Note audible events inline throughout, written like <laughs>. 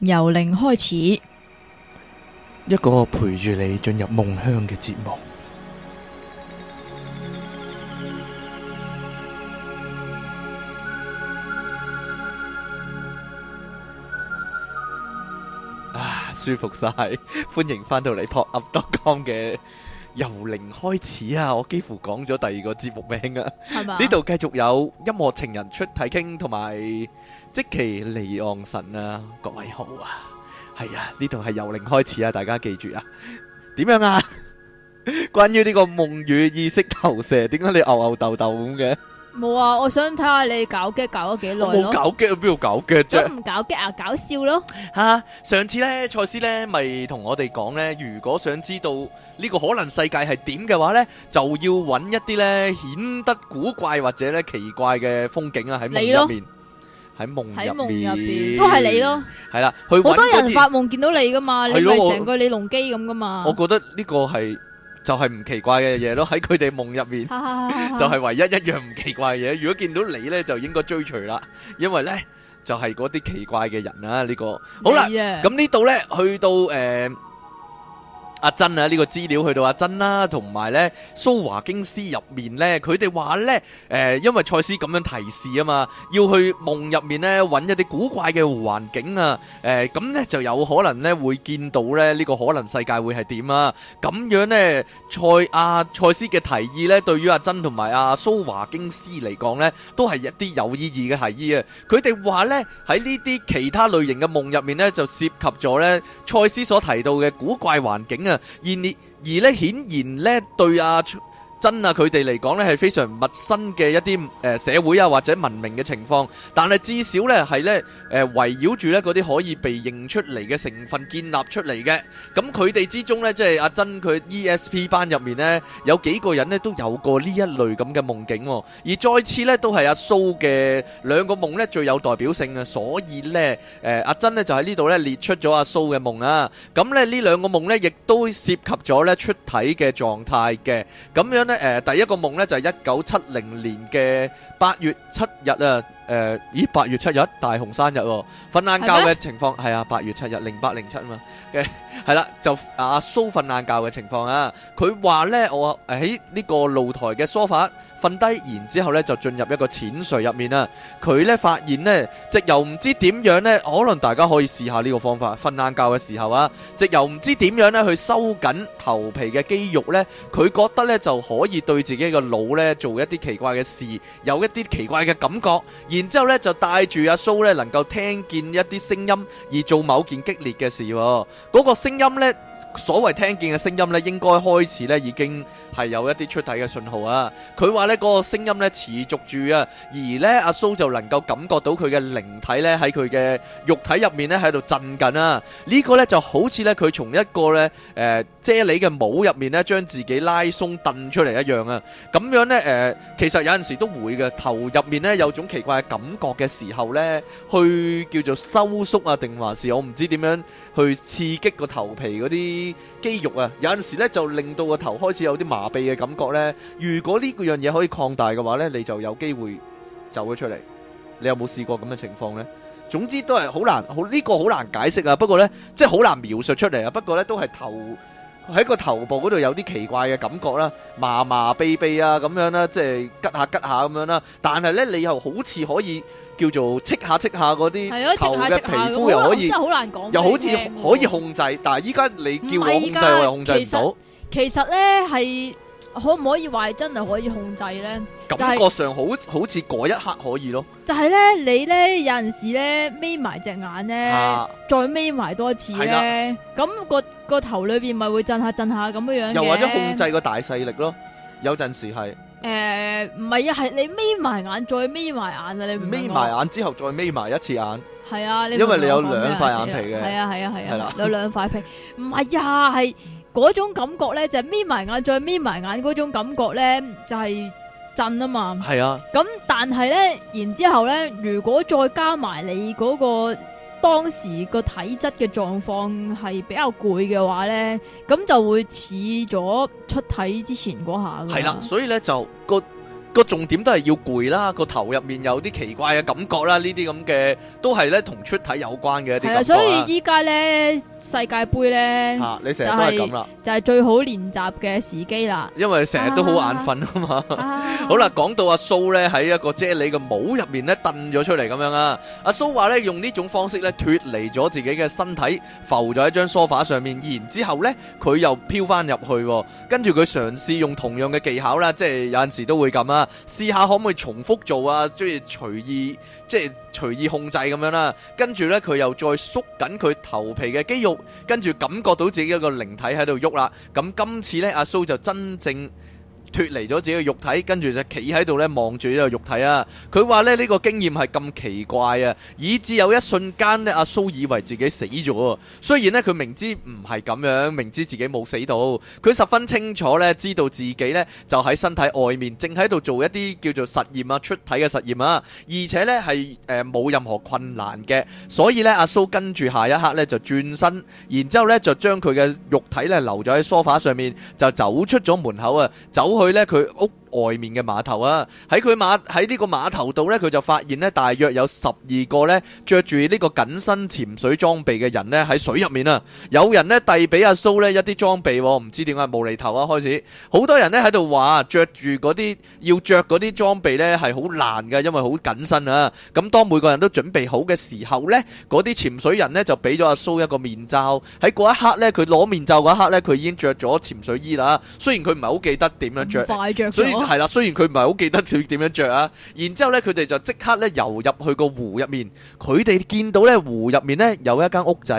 由零開始，一個陪住你進入夢鄉嘅節目啊！舒服晒，歡迎返到嚟 pop up.com 嘅。由零開始啊！我幾乎講咗第二個節目名啊，呢度繼續有音樂情人出體傾，同埋即奇離岸神啊！各位好啊，係啊，呢度係由零開始啊！大家記住啊，點樣啊？ <laughs> 關於呢個夢與意識投射，點解你吽吽豆豆咁嘅？冇啊！我想睇下你搞嘅搞咗幾耐咯。冇搞嘅邊度搞嘅啫。都唔搞嘅啊，搞笑咯。吓，上次咧蔡師咧咪同我哋講咧，如果想知道呢個可能世界係點嘅話咧，就要揾一啲咧顯得古怪或者咧奇怪嘅風景啊喺夢入面。喺夢入面都係你咯。係啦，好多人發夢見到你噶嘛，你咪成個李隆基咁噶嘛。我覺得呢個係。就係唔奇怪嘅嘢咯，喺佢哋夢入面 <laughs> <laughs> 就係唯一一樣唔奇怪嘅嘢。如果見到你呢，就應該追隨啦，因為呢，就係嗰啲奇怪嘅人啊！呢、呢個好啦，咁呢度呢，去到誒。呃阿珍啊，呢個資料去到阿珍啦，同埋咧蘇華京斯入面咧，佢哋話咧，誒，因為賽斯咁樣提示啊嘛，要去夢入面咧搵一啲古怪嘅環境啊，誒，咁咧就有可能咧會見到咧呢個可能世界會係點啊，咁樣咧賽阿賽斯嘅提議咧，對於阿珍同埋阿蘇華京斯嚟講咧，都係一啲有意義嘅提議啊，佢哋話咧喺呢啲其他類型嘅夢入面咧就涉及咗咧賽斯所提到嘅古怪環境啊。然而而咧，顯然咧對阿、啊。真啊，佢哋嚟講咧係非常陌生嘅一啲誒社會啊或者文明嘅情況，但係至少咧係咧誒圍繞住咧嗰啲可以被認出嚟嘅成分建立出嚟嘅。咁佢哋之中咧即係阿珍佢 ESP 班入面咧有幾個人咧都有過呢一類咁嘅夢境，而再次咧都係阿蘇嘅兩個夢咧最有代表性啊。所以咧誒阿珍咧就喺呢度咧列出咗阿蘇嘅夢啦。咁咧呢兩個夢咧亦都涉及咗咧出體嘅狀態嘅，咁樣。咧誒、呃，第一個夢咧就係一九七零年嘅。八月七日啊，誒，咦？八月七日大熊生日喎，瞓晏覺嘅情況係啊，八月七日零八零七啊嘛嘅係啦，就阿蘇瞓晏覺嘅情況啊，佢話咧，我喺呢個露台嘅梳化瞓低，然之後咧就進入一個淺睡入面啊。佢咧發現咧，直遊唔知點樣咧，可能大家可以試下呢個方法，瞓晏覺嘅時候啊，直遊唔知點樣咧去收緊頭皮嘅肌肉咧，佢覺得咧就可以對自己嘅腦咧做一啲奇怪嘅事，有一啲奇怪嘅感覺，然之後咧就帶住阿蘇咧能夠聽見一啲聲音，而做某件激烈嘅事。嗰個聲音咧，所謂聽見嘅聲音咧，應該開始咧已經。係有一啲出體嘅信號啊！佢話咧嗰個聲音咧持續住啊，而咧阿蘇就能夠感覺到佢嘅靈體咧喺佢嘅肉體入面咧喺度震緊啊！呢個咧就好似咧佢從一個咧誒啫喱嘅帽入面咧將自己拉鬆掟出嚟一樣啊！咁樣咧誒，其實有陣時都會嘅頭入面咧有種奇怪嘅感覺嘅時候咧，去叫做收縮啊，定還是我唔知點樣去刺激個頭皮嗰啲。肌肉啊，有陣時咧就令到個頭開始有啲麻痹嘅感覺呢，如果呢個樣嘢可以擴大嘅話呢，你就有機會走咗出嚟。你有冇試過咁嘅情況呢？總之都係好難，好呢，呢個好難解釋啊。不過呢，即係好難描述出嚟啊。不過呢，都係頭喺個頭部嗰度有啲奇怪嘅感覺啦，麻麻痹痹啊咁樣啦，啊，即係吉下吉下咁樣啦，啊。但係呢，你又好似可以。叫做戚下戚下嗰啲了頭嘅皮膚又可以，難又好似可以控制，但係依家你叫我控制我又控制唔到。其實咧係可唔可以話真係可以控制咧？感覺上好好似嗰一刻可以咯。就係咧，你咧有陣時咧眯埋隻眼咧，啊、再眯埋多次咧，咁的、嗰個個頭裏邊咪會震下震下咁樣樣，又或者控制個大勢力咯，有陣時係。誒，唔係、呃、啊，係你眯埋眼，眼，再眯埋眼啊！你眯埋眼之後，再眯埋一次眼。係啊，你因為你有兩塊眼皮嘅。係啊，係啊，係啊，啊啊啊有兩塊皮。唔係 <laughs> 啊，係嗰種感覺咧，就係眯埋眼，再眯埋眼嗰種感覺咧，就係、係、震啊嘛。係啊。咁但係咧，然之後咧，如果再加埋你嗰、嗰個。當時個體質嘅狀況係比較攰嘅話呢，咁就會似咗出體之前嗰下嘅。係啦，所以呢就個個重點都係要攰啦，個頭入面有啲奇怪嘅感覺啦，呢啲咁嘅都係咧同出體有關嘅一啲感覺啦。所以依家咧世界杯咧，吓你成日都係咁啦，就係，就係、係、最好練習嘅時機啦。因為成日都好眼瞓啊嘛。好啦，講到阿蘇咧喺一個啫喱嘅帽入面咧掟咗出嚟咁樣啊。阿蘇話咧用呢種方式咧脫離咗自己嘅身體，浮咗喺一張梳化上面，然之後咧佢又飄翻入去，跟住佢嘗試用同樣嘅技巧啦，即係有陣時都會咁啦。試下可唔可以重複做啊？即係隨意，即係隨意控制咁樣啦。跟住呢，佢又再縮緊佢頭皮嘅肌肉，跟住感覺到自己一個靈體喺度喐啦。咁今次呢，阿蘇就真正脫離咗自己嘅肉體，跟住就企喺度咧，望住呢個肉體啊！佢話咧呢個經驗係咁奇怪啊，以至有一瞬間呢阿蘇以為自己死咗。雖然呢佢明知唔係咁樣，明知自己冇死到，佢十分清楚咧，知道自己呢就喺身體外面，正喺度做一啲叫做實驗啊，出體嘅實驗啊，而且呢係誒冇任何困難嘅。所以呢阿蘇跟住下一刻呢就轉身，然之後呢就將佢嘅肉體呢留咗喺梳化上面，就走出咗門口啊，走。去咧，佢屋。外面嘅碼頭啊，喺佢碼，喺呢個碼頭度呢，佢就發現呢，大約有十二個呢着住呢個緊身潛水裝備嘅人呢喺水入面啊。有人呢遞俾阿蘇呢一啲裝備，唔知點解無厘頭啊開始。好多人呢喺度話着住嗰啲要着嗰啲裝備呢係好難嘅，因為好緊身啊。咁當每個人都準備好嘅時候呢，嗰啲潛水人呢就俾咗阿蘇一個面罩。喺嗰一刻呢，佢攞面罩嗰一刻呢，佢已經着咗潛水衣啦。雖然佢唔係好記得點樣着，快著。所以係啦，雖然佢唔係好記得佢點樣着啊，然之後呢，佢哋就即刻咧游入去個湖入面。佢哋見到咧湖入面呢有一間屋仔，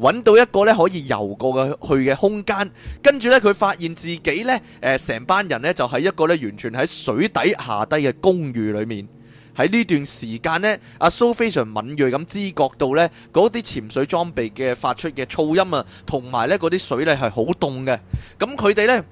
搵到一個咧可以游過嘅去嘅空間。跟住咧，佢發現自己呢，誒，成、呃、班人呢就喺、是、一個咧完全喺水底下低嘅公寓裏面。喺呢段時間呢，阿蘇、啊、非常敏銳咁知覺到呢嗰啲潛水裝備嘅發出嘅噪音啊，同埋呢嗰啲水呢係好凍嘅。咁佢哋呢。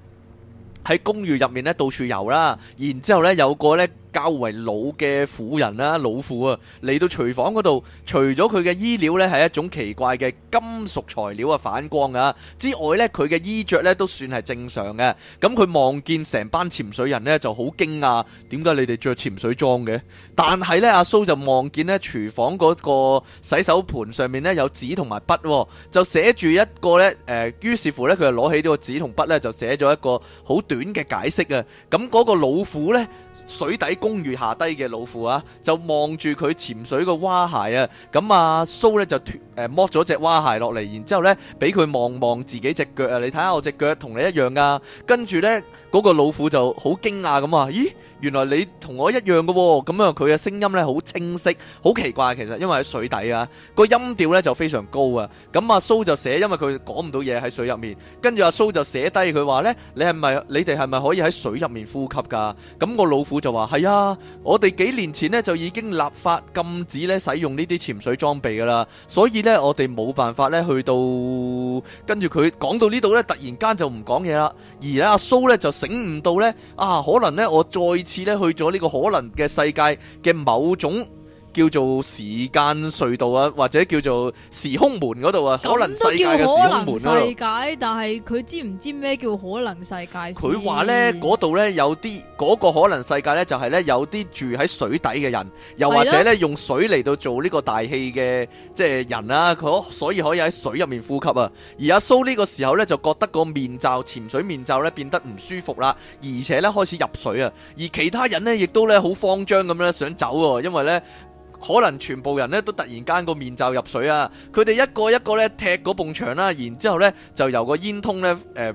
喺公寓入面咧，到處遊啦，然之後咧，有個咧。較為老嘅婦人啦、啊，老婦啊，嚟到廚房嗰度，除咗佢嘅衣料呢係一種奇怪嘅金屬材料啊，反光啊之外呢，佢嘅衣着呢都算係正常嘅。咁佢望見成班潛水人呢就好驚訝，點解你哋着潛水裝嘅？但係呢，阿蘇就望見呢廚房嗰個洗手盆上面呢有紙同埋筆、啊，就寫住一個呢。誒、呃。於是乎呢，佢就攞起呢個紙同筆呢，就寫咗一個好短嘅解釋啊。咁嗰個老婦呢。水底公寓下低嘅老虎啊，就望住佢潛水個蛙鞋啊，咁阿蘇咧就脫誒剝咗隻蛙鞋落嚟，然之後咧俾佢望望自己隻腳啊，你睇下我隻腳同你一樣噶、啊，跟住咧嗰個老虎就好驚訝咁話，咦？原來你同我一樣嘅，咁樣佢嘅聲音咧好清晰，好奇怪。其實因為喺水底啊，個音調咧就非常高啊。咁阿蘇就寫，因為佢講唔到嘢喺水入面。跟住阿蘇就寫低佢話咧，你係咪你哋係咪可以喺水入面呼吸噶？咁個老虎就話係啊，我哋幾年前咧就已經立法禁止咧使用呢啲潛水裝備噶啦，所以咧我哋冇辦法咧去到。跟住佢講到呢度咧，突然間就唔講嘢啦。而阿蘇咧就醒唔到咧，啊可能咧我再。次咧去咗呢個可能嘅世界嘅某種。叫做時間隧道啊，或者叫做時空門嗰度啊，可能世界嘅門咯。咁都叫可能世界，但係佢知唔知咩叫可能世界？佢話呢嗰度呢，有啲嗰、嗰個可能世界呢，就係、是、呢有啲住喺水底嘅人，又或者呢用水嚟到做呢個大氣嘅即係人啊。佢所以可以喺水入面呼吸啊。而阿蘇呢個時候呢，就覺得個面罩潛水面罩呢變得唔舒服啦，而且呢開始入水啊，而其他人呢，亦都呢好慌張咁呢，想走、啊，因為呢。可能全部人咧都突然間個面罩入水啊！佢哋一個一個咧踢嗰埲牆啦，然之後咧就由個煙通咧、呃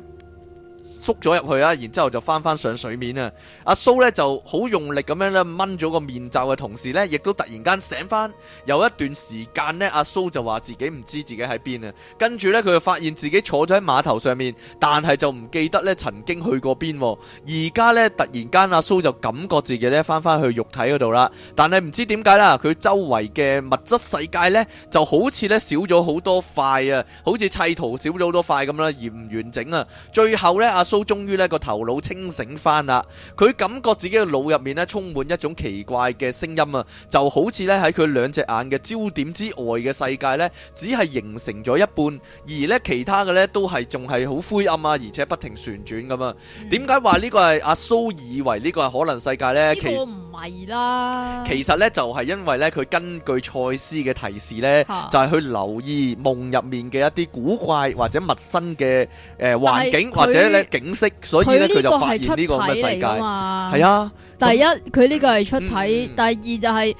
縮咗入去啊，然之後就翻翻上水面啊！阿蘇咧就好用力咁樣咧掹咗個面罩嘅同時咧，亦都突然間醒翻。有一段時間咧，阿蘇就話自己唔知自己喺邊啊。跟住咧，佢就發現自己坐咗喺碼頭上面，但係就唔記得咧曾經去過邊。而家咧突然間阿蘇就感覺自己咧翻翻去肉體嗰度啦，但係唔知點解啦，佢周圍嘅物質世界咧就好似咧少咗好多塊啊，好似砌圖少咗好多塊咁啦，而唔完整啊。最後咧，阿蘇終於咧個頭腦清醒翻啦，佢感覺自己嘅腦入面咧充滿一種奇怪嘅聲音啊，就好似咧喺佢兩隻眼嘅焦點之外嘅世界咧，只係形成咗一半，而咧其他嘅咧都係仲係好灰暗啊，而且不停旋轉咁啊。點解話呢個係阿蘇以為呢個係可能世界呢？其實。係啦，其實咧就係因為咧佢根據賽斯嘅提示咧，就係去留意夢入面嘅一啲古怪或者陌生嘅誒環境或者咧景色，所以咧佢就發現呢個乜世界嘛。係啊，第一佢呢個係出體，第二就係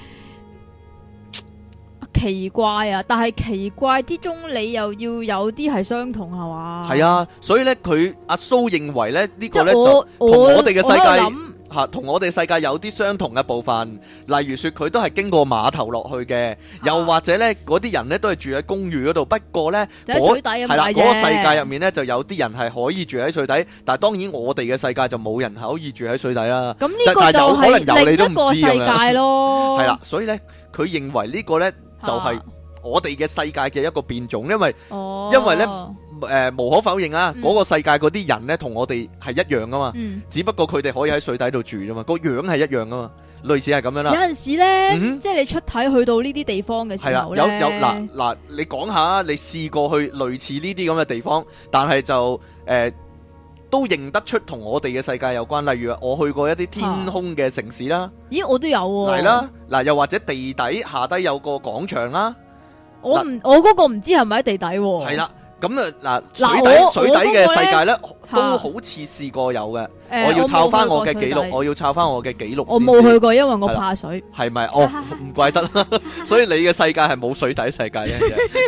奇怪啊！但係奇怪之中，你又要有啲係相同，係嘛？係啊，所以咧佢阿蘇認為咧呢個咧就同我哋嘅世界。吓，同我哋世界有啲相同嘅部分，例如說佢都係經過碼頭落去嘅，又或者咧嗰啲人咧都係住喺公寓嗰度，不過咧我係啦，嗰個世界入面咧就有啲人係可以住喺水底，但係當然我哋嘅世界就冇人可以住喺水底啦。咁呢個就係另一個可能有你都唔知嘅世界咯。係啦，所以咧佢認為呢個咧就係我哋嘅世界嘅一個變種，因為因為咧。誒、呃，無可否認啊！嗰、嗯、個世界嗰啲人咧，同我哋係一樣噶嘛，嗯、只不過佢哋可以喺水底度住啫嘛，個樣係一樣噶嘛，類似係咁樣啦。有陣時咧，嗯、即係你出體去到呢啲地方嘅時候、啊、有呢有嗱嗱，你講下你試過去類似呢啲咁嘅地方，但係就誒、呃，都認得出同我哋嘅世界有關。例如，我去過一啲天空嘅城市啦、啊，咦，我都有係、啊、啦。嗱，又或者地底下低有個廣場啦，我唔不，啦我嗰個唔知係咪喺地底係、啊、啦。是啊咁啊嗱，水底水底嘅世界咧，都好似試過有嘅。我要抄翻我嘅記錄，我要抄翻我嘅記錄。我冇去過，因為我怕水。係咪？哦，唔怪得啦。所以你嘅世界係冇水底世界嘅。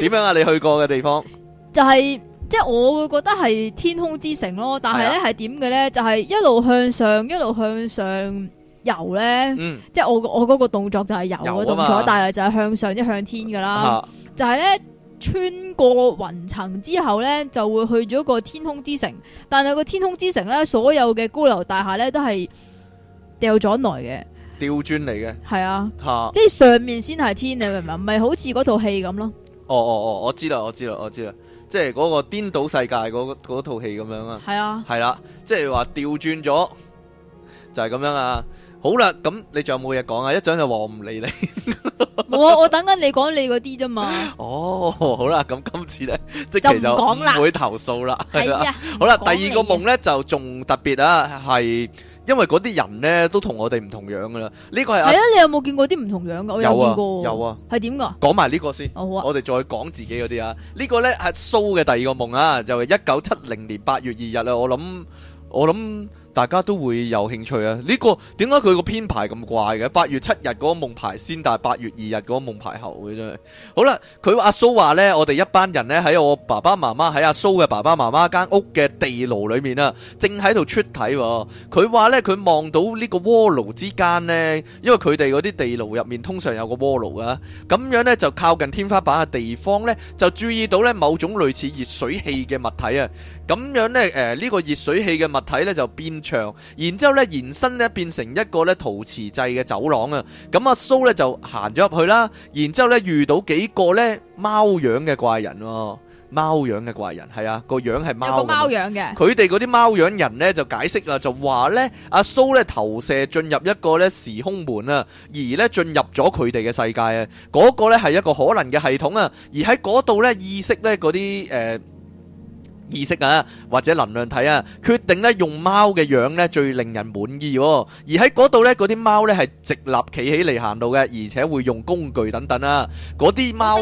點樣啊？你去過嘅地方？就係即係我會覺得係天空之城咯。但係咧係點嘅咧？就係一路向上，一路向上游咧。嗯，即係我我嗰個動作就係游嘅動作，但係就係向上，一向天噶啦。就係咧。穿過雲層之後呢，就會去咗個天空之城。但係個天空之城呢，所有嘅高樓大廈呢，都係掉咗來嘅，調轉嚟嘅。係啊，啊，即係上面先係天，你明唔明？唔係好似嗰套戲咁咯。哦哦哦，我知啦，我知啦，我知啦，即係嗰個顛倒世界嗰套戲咁樣啊。係啊，係啦，即係話調轉咗，就係咁樣啊。好啦，咁你仲有冇嘢講啊？一陣就話唔理你。我我等緊你講你嗰啲啫嘛。哦，好啦，咁今次咧，即就唔講啦，會投訴啦。係啊，好啦，第二個夢咧就仲特別啊，係因為嗰啲人咧都同我哋唔同樣噶啦。呢個係係啊，你有冇見過啲唔同樣噶？有啊，有啊，係點噶？講埋呢個先。哦，好啊，我哋再講自己嗰啲啊。呢個咧係蘇嘅第二個夢啊，就係一九七零年八月二日啊。我諗，我諗。大家都會有興趣啊！呢、這個點解佢個編排咁怪嘅？八月七日嗰個夢排先，但係八月二日嗰個夢排後嘅真係。好啦，佢阿蘇話呢，我哋一班人呢喺我爸爸媽媽喺阿蘇嘅爸爸媽媽間屋嘅地牢裏面啊，正喺度出體、啊。佢話呢，佢望到呢個鍋爐之間呢，因為佢哋嗰啲地牢入面通常有個鍋爐啊。咁樣呢就靠近天花板嘅地方呢，就注意到呢某種類似熱水器嘅物體啊。咁樣咧，誒，呢個熱水器嘅物體咧就變長，然之後咧延伸咧變成一個咧陶瓷製嘅走廊啊，蘇呢。咁阿蘇咧就行咗入去啦，然之後咧遇到幾個咧貓樣嘅怪人喎。貓樣嘅怪人，係啊，個樣係貓。有個貓樣嘅。佢哋嗰啲貓樣人咧就解釋啦，就話咧阿蘇咧投射進入一個咧時空門啊，而咧進入咗佢哋嘅世界啊。嗰個咧係一個可能嘅系統啊，而喺嗰度咧意識咧嗰啲誒。意識啊，或者能量體啊，決定咧用貓嘅樣咧最令人滿意喎。而喺嗰度咧，嗰啲貓咧係直立企起嚟行路嘅，而且會用工具等等啦。嗰啲貓，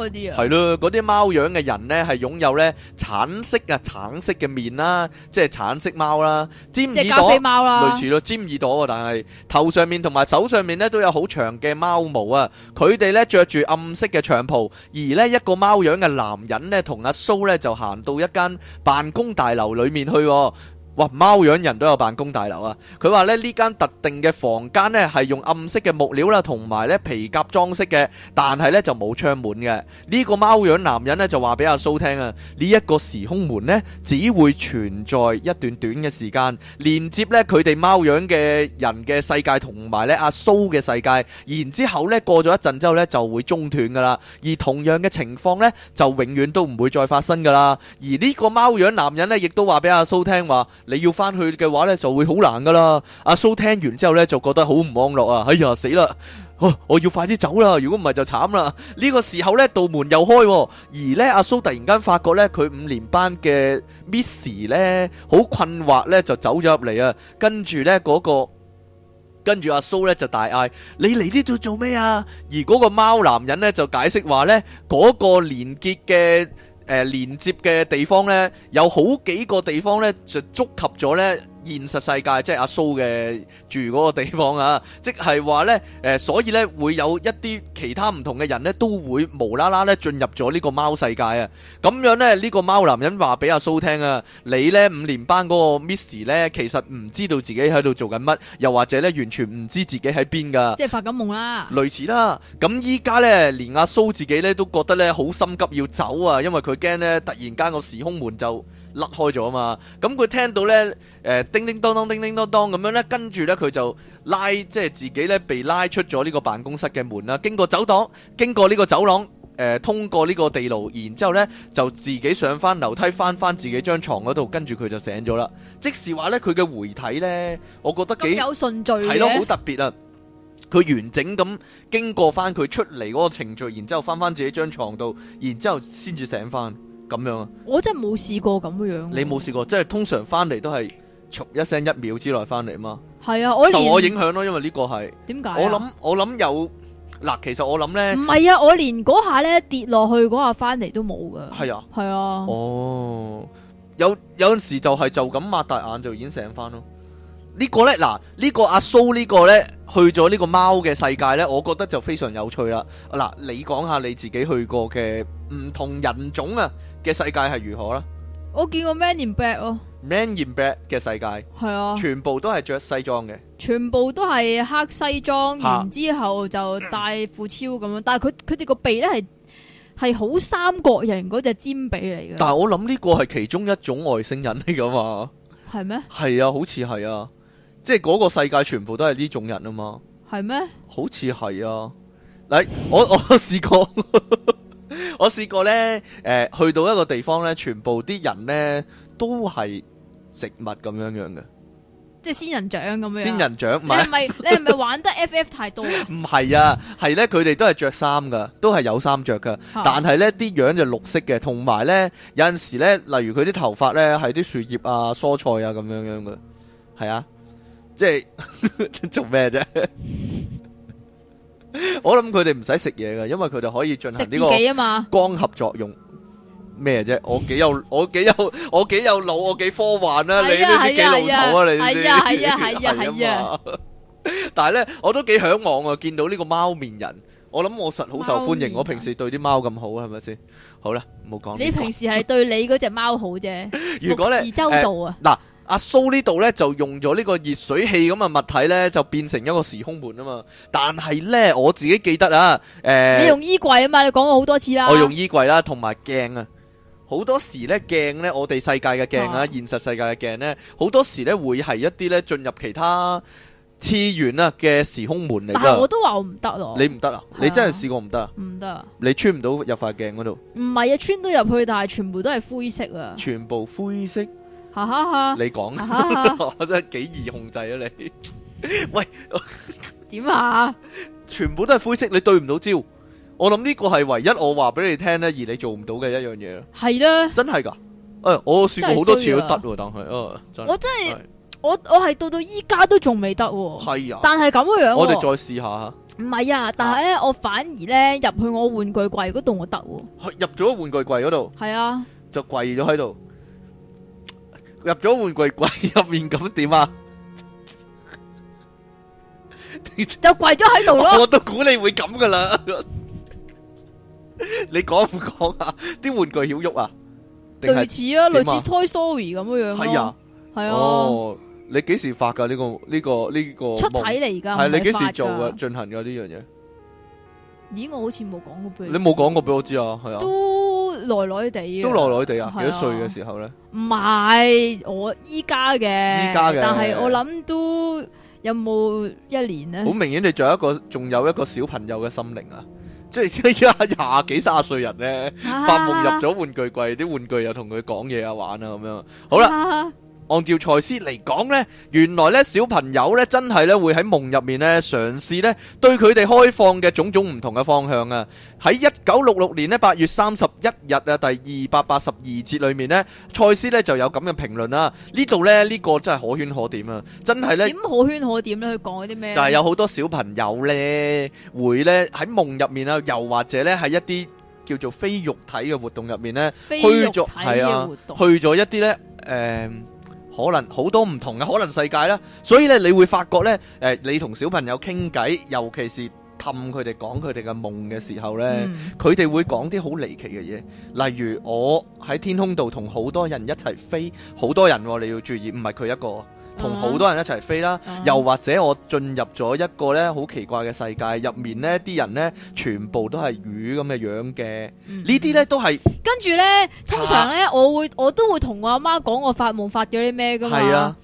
係咯，嗰啲貓樣嘅人咧係擁有咧橙色啊，橙色嘅面啦，即係橙色貓啦，尖耳朵類似咯，尖耳朵，但係頭上面同埋手上面咧都有好長嘅貓毛啊。佢哋咧著住暗色嘅長袍，而呢一個貓樣嘅男人咧同阿蘇咧就行到一間辦公大樓裏面去。哇！貓樣人都有辦公大樓啊！佢話咧，呢間特定嘅房間咧係用暗色嘅木料啦，同埋咧皮夾裝飾嘅，但係咧就冇窗門嘅。呢個貓樣男人咧就話俾阿蘇聽啊，呢一個時空門咧只會存在一段短嘅時間，連接咧佢哋貓樣嘅人嘅世界同埋咧阿蘇嘅世界，然之後咧過咗一陣之後咧就會中斷噶啦。而同樣嘅情況咧就永遠都唔會再發生噶啦。而呢個貓樣男人咧亦都話俾阿蘇聽話，你要翻去嘅話咧，就會好難噶啦。阿蘇聽完之後咧，就覺得好唔安樂啊！哎呀，死啦！我我要快啲走啦，如果唔係就慘啦。呢個時候咧，道門又開，而咧阿蘇突然間發覺咧，佢五年班嘅 Miss 咧好困惑咧，就走咗入嚟啊。跟住咧嗰個，跟住阿蘇咧就大嗌：你嚟呢度做咩啊？而嗰個貓男人咧就解釋話咧，嗰個連結嘅。誒、呃、連接嘅地方咧，有好幾個地方咧就觸及咗咧。現實世界即係阿蘇嘅住嗰個地方啊，即係話咧誒，所以咧會有一啲其他唔同嘅人咧，都會無啦啦咧進入咗呢個貓世界啊。咁樣咧，呢個貓男人話俾阿蘇聽啊，你咧五年班嗰個 Miss 咧，其實唔知道自己喺度做緊乜，又或者咧完全唔知自己喺邊噶。即係發緊夢啦。類似啦。咁依家咧，連阿蘇自己咧都覺得咧好心急要走啊，因為佢驚咧突然間個時空門就甩開咗啊嘛，咁佢聽到咧，誒叮叮當當叮叮當當咁樣咧，跟住咧佢就拉，即係自己咧被拉出咗呢個辦公室嘅門啦，經過走廊，經過呢個走廊，誒通過呢個地牢，然之後咧就自己上翻樓梯，翻翻自己張床嗰度，跟住佢就醒咗啦。即時話咧佢嘅回體咧，我覺得幾有順序。係咯，好特別啊！佢完整咁經過翻佢出嚟嗰個程序，然之後翻翻自己張床度，然之後先至醒翻。咁樣啊！我真係冇試過咁樣、啊。你冇試過，即係通常翻嚟都係從一聲一秒之內翻嚟嘛？係啊，我受我影響咯、啊，因為呢個係點解？我諗我諗有嗱，其實我諗咧，唔係啊，我連嗰下咧跌落去嗰下翻嚟都冇噶。係啊，係啊，哦，有有陣時就係就咁擘大眼就已經醒翻咯、啊。這個呢個咧嗱，呢、這個阿蘇這個呢了這個咧去咗呢個貓嘅世界咧，我覺得就非常有趣啦。嗱，你講下你自己去過嘅唔同人種啊嘅世界係如何啦？我見過 Man in Black，哦、Man in Black 嘅世界係啊，全部都係着西裝嘅，全部都係黑西裝，啊、然之後就戴褲超咁樣，但係佢佢哋個鼻咧係係好三角形嗰隻尖鼻嚟嘅。但係我諗呢個係其中一種外星人嚟㗎嘛？係咩嗎？係啊，好似係啊。即係嗰個世界全部都係呢種人啊嘛？係咩嗎？好似係啊！嗱、哎，我我試過，我試過咧， <laughs> 誒、呃，去到一個地方咧，全部啲人咧都係植物咁樣樣嘅，即係仙人掌咁樣、啊。仙人掌，唔係。你係咪？你係咪玩得 FF 太多？唔係啊，係咧、 <laughs> 啊，佢哋都係着衫噶，都係有衫着噶，是但係咧啲樣就綠色嘅，同埋咧有陣時咧，例如佢啲頭髮咧係啲樹葉啊、蔬菜啊咁樣樣嘅，係啊。即係做咩啫？我諗佢哋唔使食嘢噶，因為佢哋可以進行呢個光合作用。咩啫？我幾有我幾有我幾有腦？我幾科幻啊？你都幾老土啊？你係啊係啊係啊係啊！但係咧，我都幾向往啊！見到呢個貓面人，我諗我實好受歡迎。我平時對啲貓咁好，係咪先？好啦，唔好講。你平時係對你嗰隻貓好啫？服侍周到啊！嗱。阿蘇呢度呢，就用咗呢個熱水器咁嘅物體呢，就變成一個時空門啊嘛，但係呢，我自己記得啊，誒、欸，你用衣櫃啊嘛，你講過好多次啦，我用衣櫃啦，同埋鏡啊，好多時呢，鏡呢，我哋世界嘅鏡啊，現實世界嘅鏡呢，好多時呢，會係一啲呢，進入其他次元啊嘅時空門嚟，我都話我唔得咯，你唔得啊，啊你真係試過唔得啊，唔得、啊，你穿唔到入塊鏡嗰度，唔係啊，穿到入去，但係全部都係灰色啊，全部灰色。你講，我真係幾易控制啊！你喂，點啊？全部都係灰色，你對唔到焦。我諗呢個係唯一我話俾你聽咧，而你做唔到嘅一樣嘢。係咧，真係噶。誒，我試過好多次都得，但係我真係我我係到到依家都仲未得。係啊，但係咁嘅樣，我哋再試下吓。唔係啊，但係咧，我反而咧入去我玩具櫃嗰度我得。入咗玩具櫃嗰度。係啊。就跪咗喺度。入咗玩具櫃入面咁點啊？就跪咗喺度咯！我都估你會咁噶啦。你講唔講啊？啲玩具曉喐啊？類似啊，類似 Toy Story 咁樣樣咯。係啊，係啊。哦，你幾時發噶呢個呢個呢個？出體嚟噶，係你幾時做嘅？進行嘅呢樣嘢？咦，我好似冇講過俾你。你冇講過俾我知啊？係啊。耐耐地都耐耐地啊！幾多歲嘅時候咧？唔係我依家嘅，依家嘅，但係我諗都有冇一年咧。好明顯你仲有一個仲有一個小朋友嘅心靈、就是、啊！即係依家廿幾卅歲人咧，發夢入咗玩具櫃，啲玩具又同佢講嘢啊，玩啊咁樣。好啦。啊按照賽斯嚟講咧，原來咧小朋友咧真係咧會喺夢入面咧嘗試咧對佢哋開放嘅種種唔同嘅方向啊！喺一九六六年咧八月三十一日啊第二百八十二節裡面咧，賽斯咧就有咁嘅評論啦。呢度咧呢個真係可圈可點啊！真係咧點可圈可點咧？佢講嗰啲咩？就係有好多小朋友咧，會咧喺夢入面啦，又或者咧喺一啲叫做非肉體嘅活動入面咧，去咗係啊，去咗一啲咧誒。可能好多唔同嘅可能世界啦，所以咧，你會發覺咧，誒、呃，你同小朋友傾偈，尤其是氹佢哋講佢哋嘅夢嘅時候咧，佢哋、嗯、會講啲好離奇嘅嘢，例如我喺天空度同好多人一齊飛，好多人、哦，你要注意，唔係佢一個。同好多人一齊飛啦，啊、又或者我進入咗一個呢好奇怪嘅世界，入面呢啲人呢全部都係魚咁嘅樣嘅，嗯、呢啲呢都係。跟住呢，通常呢，啊、我會我都會同我阿媽講我發夢發咗啲咩㗎嘛。係啊，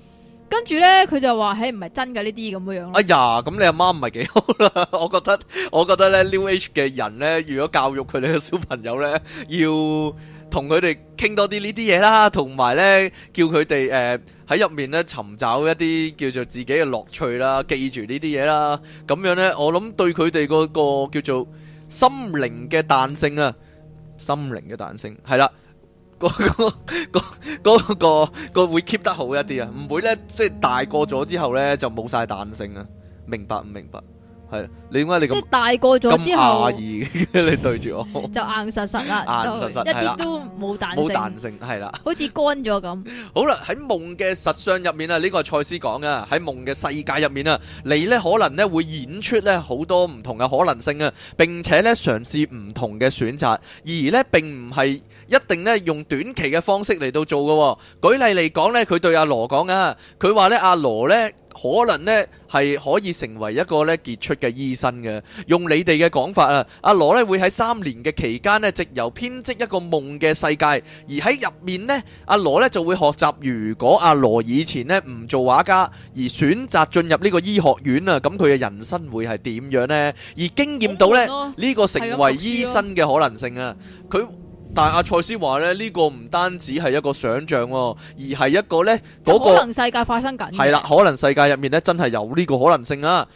跟住呢，佢就話：嘿，唔係真㗎，呢啲咁嘅樣，樣。哎呀，咁你阿媽唔係幾好啦。 <laughs> 我覺得我覺得呢 New Age 嘅人呢，如果教育佢哋嘅小朋友呢，要。同佢哋傾多啲呢啲嘢啦，同埋呢叫佢哋誒喺入面呢尋找一啲叫做自己嘅樂趣啦，記住呢啲嘢啦，咁樣呢我諗對佢哋嗰個叫做心靈嘅彈性啊，心靈嘅彈性係啦，個個個嗰個個會 keep 得好一啲啊，唔會呢即係大個咗之後呢就冇晒彈性啊，明白唔明白？係，你點解你咁？即係大個咗之後 <laughs> 你對住我就硬實實啦，實實就一啲都冇彈性，彈性係啦，了好似乾咗咁。好啦，喺夢嘅實相入面啊，呢、這個賽斯講嘅，喺夢嘅世界入面啊，你咧可能咧會演出咧好多唔同嘅可能性啊，並且咧嘗試唔同嘅選擇，而咧並唔係。一定咧用短期嘅方式嚟到做噶。舉例嚟講咧，佢對阿羅講啊，佢話咧阿羅咧可能咧係可以成為一個咧傑出嘅醫生嘅。用你哋嘅講法啊，阿羅咧會喺三年嘅期間咧，藉由編織一個夢嘅世界，而喺入面咧，阿羅咧就會學習。如果阿羅以前咧唔做畫家，而選擇進入呢個醫學院啊，咁佢嘅人生會係點樣咧？而經驗到咧呢個成為醫生嘅可能性啊，佢。但阿蔡思話咧呢、呢個唔單止係一個想象、哦，而係一個呢，嗰個可能世界發生緊係啦。可能世界入面呢真係有呢個可能性啊！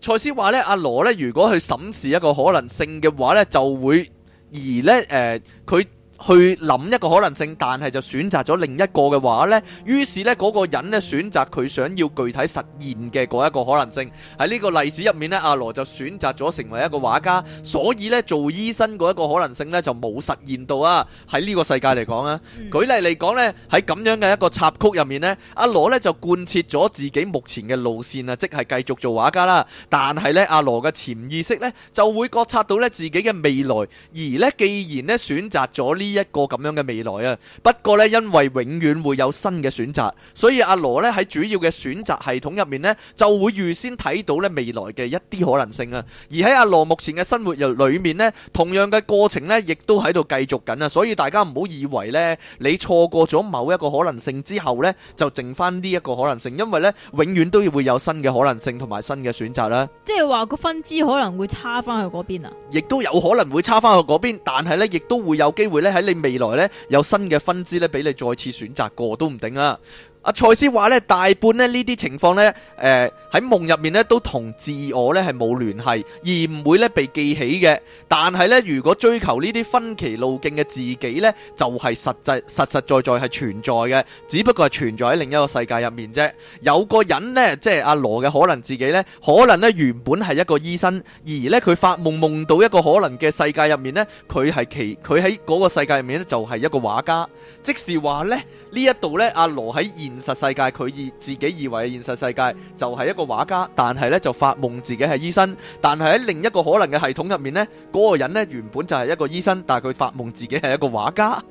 蔡思話呢，阿、啊、羅呢，如果去審視一個可能性嘅話呢，就會而呢，誒、呃、佢。去諗一個可能性，但係就選擇咗另一個嘅話咧，於是咧嗰個人咧選擇佢想要具體實現嘅嗰一個可能性。喺呢個例子入面咧，阿羅就選擇咗成為一個畫家，所以咧做醫生嗰一個可能性咧就冇實現到啊。喺呢個世界嚟講啊，嗯，舉例嚟講咧，喺咁樣嘅一個插曲入面咧，阿羅咧就貫徹咗自己目前嘅路線啊，即係繼續做畫家啦。但係咧，阿羅嘅潛意識咧就會覺察到咧自己嘅未來，而咧既然咧選擇咗呢。一個咁樣嘅未來啊，不過咧，因為永遠會有新嘅選擇，所以阿羅咧喺主要嘅選擇系統入面咧，就會預先睇到咧未來嘅一啲可能性啊。而喺阿羅目前嘅生活入裏面咧，同樣嘅過程咧，亦都喺度繼續緊啊。所以大家唔好以為咧，你錯過咗某一個可能性之後咧，就剩翻呢一個可能性，因為咧，永遠都要會有新嘅可能性同埋新嘅選擇啦。即係話個分支可能會差翻去嗰邊啊？亦都有可能會差翻去嗰邊，但係咧，亦都會有機會咧喺。你未來呢，有新嘅分支呢，俾你再次選擇，過都唔定啊！阿蔡斯話咧，大半咧呢啲情況咧，誒喺夢入面咧都同自我咧係冇聯繫，而唔會咧被記起嘅。但係咧，如果追求呢啲分歧路徑嘅自己咧，就係、是、實際實實在在係存在嘅，只不過係存在喺另一個世界入面啫。有個人咧，即係阿羅嘅可能自己咧，可能咧原本係一個醫生，而咧佢發夢夢到一個可能嘅世界入面咧，佢係其佢喺嗰個世界入面咧就係一個畫家。即是話咧，呢一度咧，阿羅喺現現實世界，佢以自己以為嘅現實世界就係一個畫家，但係咧就發夢自己係醫生，但係喺另一個可能嘅系統入面咧，嗰個人咧原本就係一個醫生，但係佢發夢自己係一個畫家，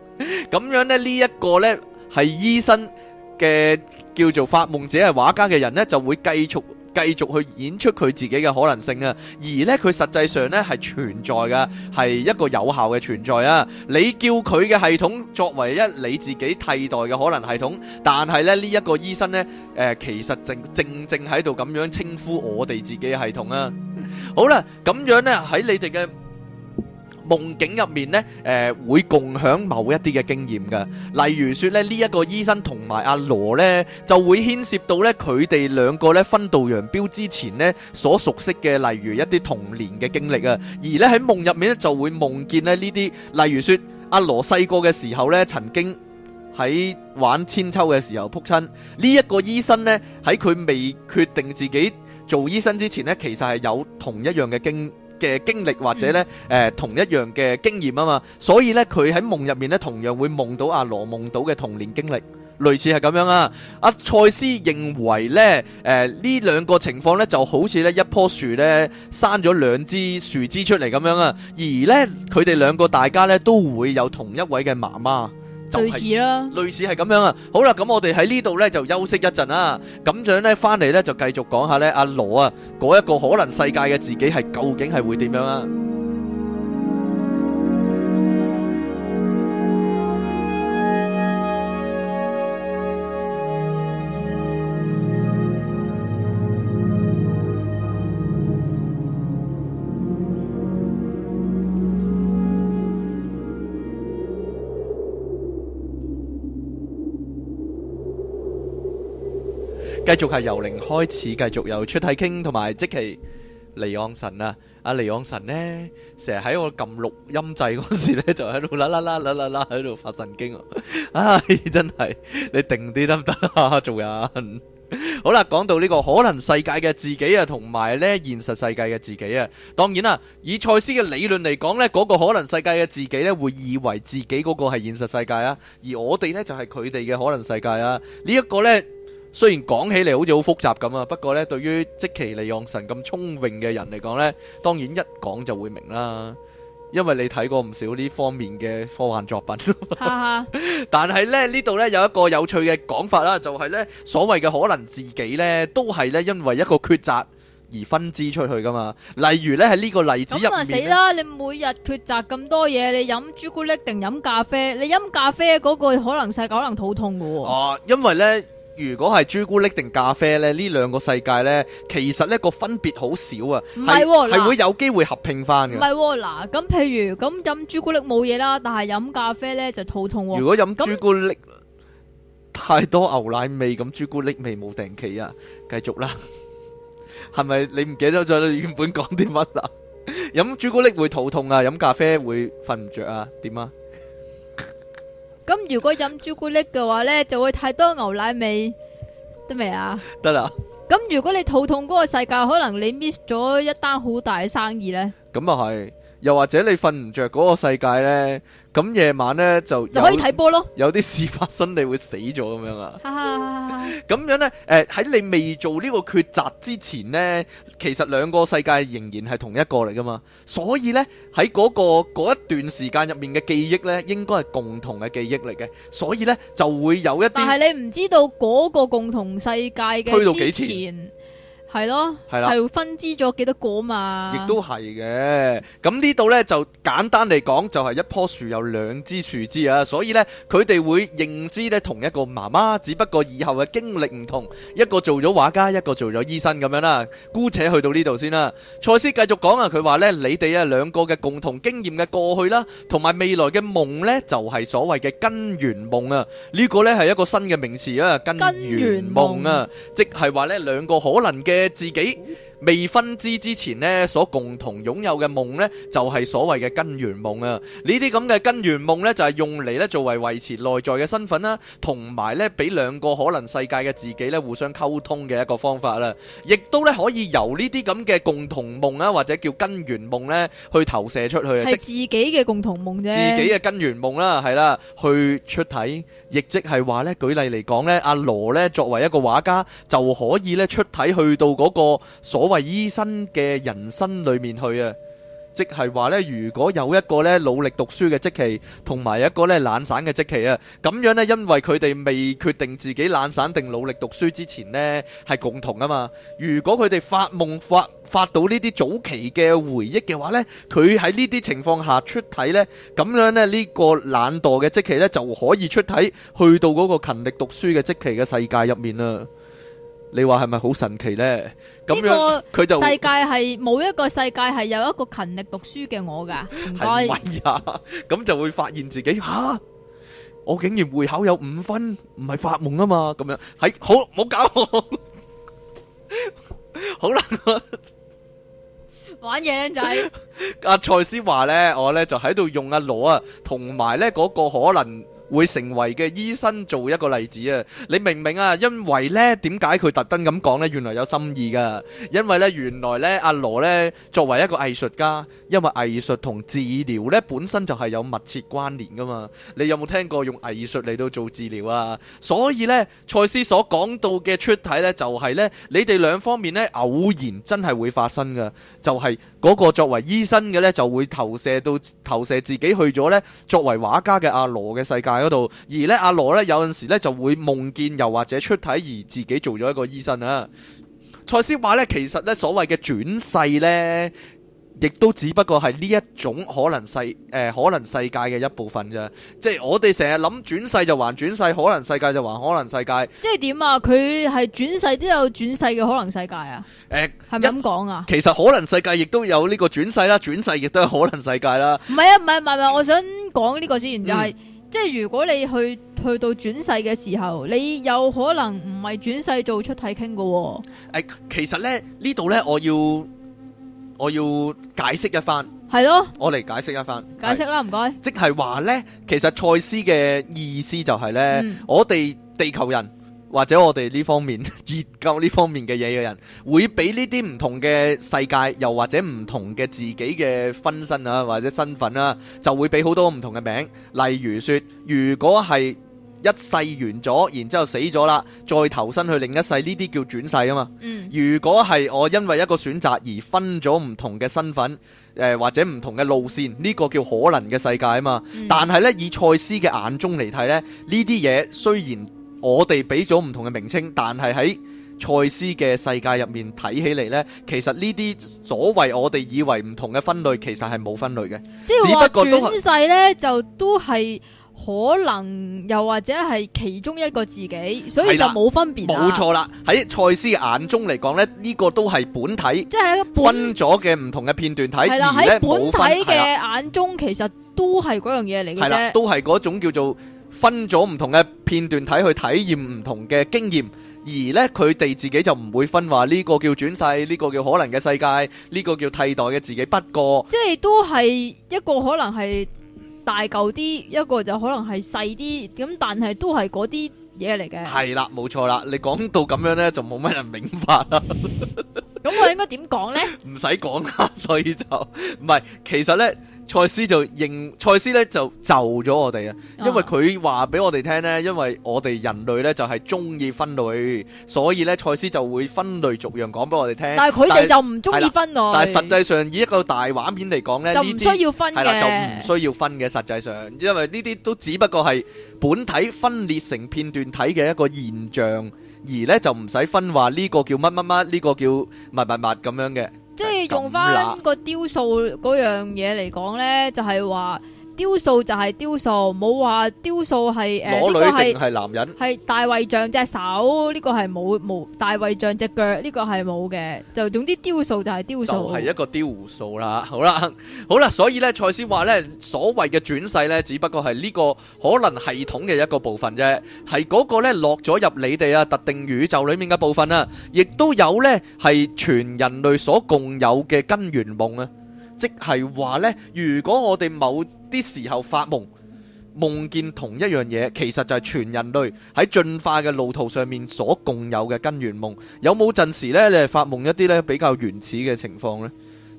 咁樣咧，呢一個咧係醫生嘅叫做發夢自己係畫家嘅人咧就會繼續。繼續去演出佢自己嘅可能性啊，而呢，佢實際上呢係存在嘅，係一個有效嘅存在啊！你叫佢嘅系統作為一你自己替代嘅可能系統，但係咧呢一個醫生呢，誒、呃、其實正正正喺度咁樣稱呼我哋自己嘅系統啊！ <laughs> 好啦，咁樣呢，喺你哋嘅。夢境入面呢，誒、呃、會共享某一啲嘅經驗嘅，例如說咧呢一、這個醫生同埋阿羅呢，就會牽涉到呢佢哋兩個呢分道揚鑣之前呢所熟悉嘅，例如一啲童年嘅經歷啊，而呢喺夢入面夢呢，就會夢見咧呢啲，例如說阿羅細個嘅時候呢曾經喺玩韆鞦嘅時候撲親，呢、這、一個醫生呢，喺佢未決定自己做醫生之前呢，其實係有同一樣嘅經驗。嘅經歷或者咧誒、呃、同一樣嘅經驗啊嘛，所以咧佢喺夢入面咧同樣會夢到阿、啊、羅夢到嘅童年經歷，類似係咁樣啊！阿、啊、賽斯認為咧誒呢、呃、呢兩個情況咧就好似咧一棵樹咧生咗兩枝樹枝出嚟咁樣啊，而咧佢哋兩個大家咧都會有同一位嘅媽媽。就類似啦，類似係咁樣啊。好啦，咁我哋喺呢度呢就休息一陣啦。咁樣呢翻嚟，呢就繼續講下呢阿羅啊，嗰一個可能世界嘅自己係究竟係會點樣啊？繼續係由零開始，繼續由出體傾，同埋即係黎昂神啊！阿黎昂神呢，成日喺我撳錄音掣嗰時呢，就喺度啦啦啦啦啦啦喺度發神經啊！唉，真係你定啲得唔得啊？做人好啦，講到呢個可能世界嘅自己啊，同埋呢現實世界嘅自己啊，當然啦，以賽斯嘅理論嚟講呢，嗰個可能世界嘅自己呢，會以為自己嗰個係現實世界啊，而我哋呢，就係佢哋嘅可能世界啊，呢一個呢。雖然講起嚟好似好複雜咁啊，不過呢，對於即其利用神咁聰穎嘅人嚟講呢，當然一講就會明啦。因為你睇過唔少呢方面嘅科幻作品。但係呢，呢度呢有一個有趣嘅講法啦，就係呢所謂嘅可能自己呢都係呢因為一個抉擇而分支出去噶嘛。例如呢喺呢個例子入面，咁啊死啦！你每日抉擇咁多嘢，你飲朱古力定飲咖啡？你飲咖啡嗰個可能世界可能肚痛噶喎。哦，因為呢。如果係朱古力定咖啡咧，呢兩個世界咧，其實呢個分別好少啊，係係會有機會合併翻嘅。唔係嗱，咁譬如咁飲朱古力冇嘢啦，但係飲咖啡咧就肚痛。如果飲朱古力太多牛奶味，咁朱古力味冇定期啊，繼續啦。係咪你唔記得咗原本講啲乜啦？飲朱古力會肚痛啊，飲咖啡會瞓唔着啊，點啊？咁如果飲朱古力嘅話呢，就會太多牛奶味，得未啊？得啦。咁如果你肚痛嗰個世界，可能你 miss 咗一單好大嘅生意呢！咁啊係。又或者你瞓唔着嗰個世界呢，咁夜晚呢，就就可以睇波咯。有啲事發生，你會死咗咁樣啊。咁 <laughs> <laughs> 樣呢，呃、喺、你未做呢個抉擇之前呢，其實兩個世界仍然係同一個嚟㗎嘛。所以呢，喺嗰、那個嗰個嗰一段時間入面嘅記憶呢，應該係共同嘅記憶嚟嘅。所以呢，就會有一啲，但係你唔知道嗰個共同世界嘅。推到幾前？係咯，係啦，係分枝咗幾多個嘛？亦都係嘅。咁呢度咧就簡單嚟講，就係一棵樹有兩枝樹枝啊。所以咧，佢哋會認知咧同一個媽媽，只不過以後嘅經歷唔同，一個做咗畫家，一個做咗醫生咁樣啦。姑且去到呢度先啦。賽斯繼續講啊，佢話咧你哋啊兩個嘅共同經驗嘅過去啦，同埋未來嘅夢咧，就係所謂嘅根源夢啊。呢個咧係一個新嘅名詞啊，根源夢啊，即係話咧兩個可能嘅。嘅自己。未分枝之前咧，所共同擁有嘅夢咧，就係所謂嘅根源夢啊！呢啲咁嘅根源夢咧，就係用嚟咧作為維持內在嘅身份啦，同埋咧俾兩個可能世界嘅自己咧互相溝通嘅一個方法啦。亦都咧可以由呢啲咁嘅共同夢啊，或者叫根源夢咧，去投射出去啊。係自己嘅共同夢啫。自己嘅根源夢啦，係啦，去出體，亦即係話咧，舉例嚟講咧，阿羅咧作為一個畫家，就可以咧出體去到嗰個所，為醫生嘅人生裏面去啊，即係話咧，如果有一個咧努力讀書嘅職期，同埋一個咧懶散嘅職期啊，咁樣咧，因為佢哋未決定自己懶散定努力讀書之前咧，係共同啊嘛。如果佢哋發夢發發到呢啲早期嘅回憶嘅話呢，佢喺呢啲情況下出體咧，咁樣咧呢個懶惰嘅職期咧就可以出體去到嗰個勤力讀書嘅職期嘅世界入面啦。你話係咪好神奇咧？呢個佢就世界係冇一個世界係有一個勤力讀書嘅我噶，唔係啊。咁就會發現自己吓，我竟然會考有五分，唔係發夢啊嘛？咁樣喺好冇搞我，好啦，玩嘢靚仔。阿蔡思華咧，我咧就喺度用阿羅啊，同埋咧嗰個可能。會成為嘅醫生做一個例子啊！你明唔明啊？因為呢，點解佢特登咁講呢？原來有心意噶。因為呢，原來呢阿羅、啊、呢，作為一個藝術家，因為藝術同治療呢本身就係有密切關聯噶嘛。你有冇聽過用藝術嚟到做治療啊？所以呢，賽斯所講到嘅出體呢，就係、是、呢：你哋兩方面呢，偶然真係會發生㗎，就係、是。嗰個作為醫生嘅呢，就會投射到投射自己去咗呢作為畫家嘅阿羅嘅世界嗰度，而呢阿羅呢，有陣時呢，就會夢見，又或者出體而自己做咗一個醫生啊。賽斯話呢，其實呢所謂嘅轉世呢，亦都只不過係呢一種可能世誒、呃、可能世界嘅一部分啫，即係我哋成日諗轉世就還轉世，可能世界就還可能世界。即係點啊？佢係轉世都有轉世嘅可能世界啊？誒、呃，係咪咁講啊？其實可能世界亦都有呢個轉世啦，轉世亦都有可能世界啦。唔係啊，唔係唔係，我想講呢個先，嗯、就係即係如果你去去到轉世嘅時候，你有可能唔係轉世做出體傾㗎。誒，其實咧呢度咧，我要。我要解釋一番，係咯，我嚟解釋一番，解釋啦，唔該是。煩即係話呢，其實賽斯嘅意思就係呢：嗯、我哋地球人或者我哋呢方面 <laughs> 研究呢方面嘅嘢嘅人，會俾呢啲唔同嘅世界，又或者唔同嘅自己嘅分身啊，或者身份啦、啊，就會俾好多唔同嘅名。例如說，如果係。一世完咗，然之後死咗啦，再投身去另一世，呢啲叫轉世啊嘛。嗯、如果係我因為一個選擇而分咗唔同嘅身份，呃、或者唔同嘅路線，呢、呢個叫可能嘅世界啊嘛。嗯、但係呢，以賽斯嘅眼中嚟睇呢，呢啲嘢雖然我哋俾咗唔同嘅名稱，但係喺賽斯嘅世界入面睇起嚟呢，其實呢啲所謂我哋以為唔同嘅分類，其實係冇分類嘅。只不過轉世呢，就都係。可能又或者係其中一個自己，所以就冇分別。冇錯啦，喺賽斯眼中嚟講、這個、的呢，呢個都係本體分，即係分咗嘅唔同嘅片段體，係啦，喺本體嘅眼中，其實都係嗰樣嘢嚟嘅，都係嗰種叫做分咗唔同嘅片段體去體驗唔同嘅經驗，而呢，佢哋自己就唔會分話呢個叫轉世，呢、這個叫可能嘅世界，呢、這個叫替代嘅自己。不過即係都係一個可能係。大嚿啲一,一個就可能係細啲咁，但係都係嗰啲嘢嚟嘅。係啦，冇錯啦，你講到咁樣咧，就冇乜人明白啦。咁我應該點講咧？唔使講啦，所以就唔係，其實咧。賽斯就認賽斯咧就就咗我哋啊，因為佢話俾我哋聽咧，因為我哋人類咧就係中意分類，所以咧賽斯就會分類，逐樣講俾我哋聽。但係佢哋就唔中意分類。但係實際上以一個大畫面嚟講咧，就唔需要分嘅，就唔需要分嘅。實際上，因為呢啲都只不過係本體分裂成片段體嘅一個現象，而咧就唔使分話呢個叫乜乜乜，呢個叫乜乜乜咁樣嘅。即係用翻個雕塑嗰樣嘢嚟講咧，就係話。雕塑就係雕塑，冇話雕塑係誒裸女定係男人，係大衛像隻手呢個係冇冇大衛像隻腳呢個係冇嘅，就總之雕塑就係雕塑，就係一個雕塑啦。好啦，好啦，所以咧，賽斯話咧，所謂嘅轉世咧，只不過係呢個可能系統嘅一個部分啫，係嗰個咧落咗入你哋啊特定宇宙裏面嘅部分啊，亦都有咧係全人類所共有嘅根源夢啊。即係話呢，如果我哋某啲時候發夢，夢見同一樣嘢，其實就係全人類喺進化嘅路途上面所共有嘅根源夢。有冇陣時呢？你係發夢一啲呢比較原始嘅情況呢？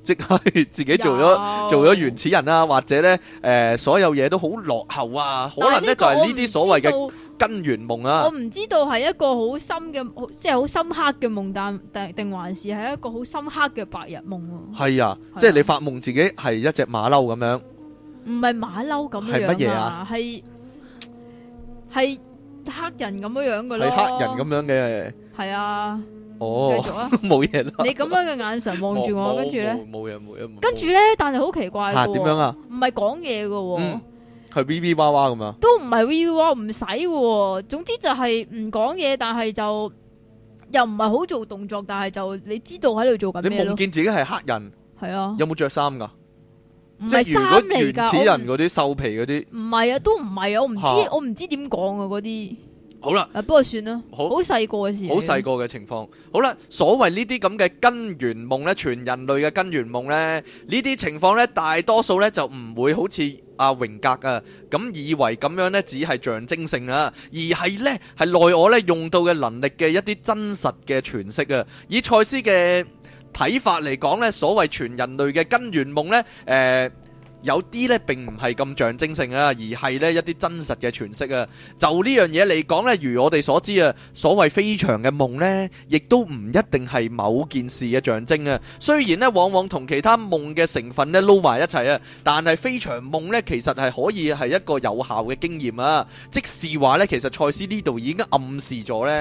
即係自己做咗有做咗原始人啊，或者咧，誒、呃，所有嘢都好落後啊！可能咧，就係呢啲所謂嘅根源夢啊，啊。我唔知道係一個好深嘅，即係好深刻嘅夢，但定定還是係一個好深刻嘅白日夢。係啊，啊即係你發夢自己係一隻馬騮咁樣，唔係馬騮咁樣。係乜嘢啊？係係、啊、黑人咁樣樣嘅咧，黑人咁樣嘅。係啊。哦，繼續啊，冇嘢啦。你咁樣嘅眼神望住我，跟住咧，冇嘢冇嘢。跟住咧，但係好奇怪點樣啊？唔係講嘢嘅，係嗶嗶哇哇咁樣。都唔係嗶嗶哇哇，唔使。總之就係唔講嘢，但係就又唔係好做動作，但係就你知道喺度做緊嘢。你夢見自己係黑人？係啊。有冇着衫噶？唔係衫嚟噶，如果原始人嗰啲獸皮嗰啲？唔係啊，都唔係啊，我唔知，我唔知點講啊，嗰啲。好啦、啊，不過算啦，好細個嘅事情、啊，好細個嘅情況。好啦，所謂呢啲咁嘅根源夢呢，全人類嘅根源夢呢，呢啲情況呢，大多數呢就唔會好似阿榮格啊咁以為咁樣呢，只係象徵性啊，而係呢係內我呢用到嘅能力嘅一啲真實嘅詮釋啊。以賽斯嘅睇法嚟講呢，所謂全人類嘅根源夢呢。呃有啲咧並唔係咁象徵性啊，而係呢一啲真實嘅詮釋啊。就呢樣嘢嚟講呢，如我哋所知啊，所謂飛翔嘅夢呢，亦都唔一定係某件事嘅象徵啊。雖然呢往往同其他夢嘅成分呢撈埋一齊啊，但係飛翔夢呢，其實係可以係一個有效嘅經驗啊。即是話呢，其實賽斯呢度已經暗示咗呢、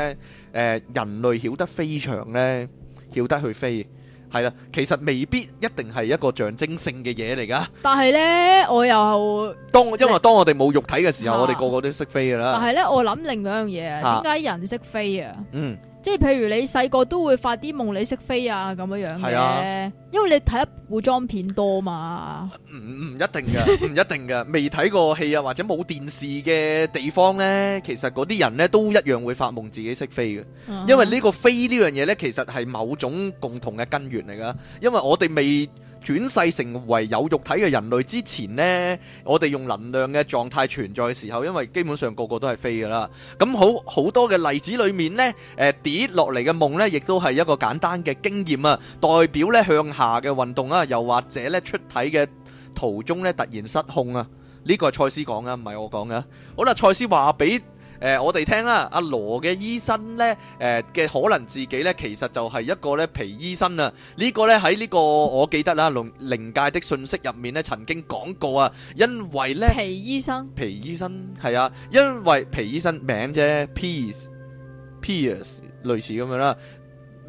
呃，人類曉得飛翔呢，曉得去飛。係啦，其實未必一定係一個象徵性嘅嘢嚟㗎。但係咧，我又當因為當我哋冇肉體嘅時候，啊、我哋個個都識飛㗎喇。但係咧，我諗另外一樣嘢啊，點解人識飛啊？嗯。即係譬如你細個都會發啲夢你識飛啊咁樣樣嘅，是啊、因為你睇古裝片多嘛。唔，唔一定㗎，唔一定㗎，未睇 <laughs> 過戲啊或者冇電視嘅地方咧，其實嗰啲人咧都一樣會發夢自己識飛嘅，嗯、哼 因為呢個飛個呢樣嘢咧，其實係某種共同嘅根源嚟噶，因為我哋未，轉世成為有肉體嘅人類之前呢，我哋用能量嘅狀態存在嘅時候，因為基本上個個都係飛噶啦。咁好好多嘅例子裏面呢，誒跌落嚟嘅夢呢，亦都係一個簡單嘅經驗啊，代表呢向下嘅運動啊，又或者呢出體嘅途中呢突然失控啊，呢個係賽斯講㗎，唔係我講嘅。好啦，賽斯話俾。誒、呃，我哋聽啦，阿羅嘅醫生呢，誒、呃、嘅可能自己呢，其實就係一個呢皮醫生啊。呢、這個呢，喺呢個我記得啦，龍、靈 <laughs> 界的信息入面呢曾經講過啊，因為呢，皮醫生，皮醫生係啊，因為皮醫生名啫 Piers，Piers 類似咁樣啦、啊。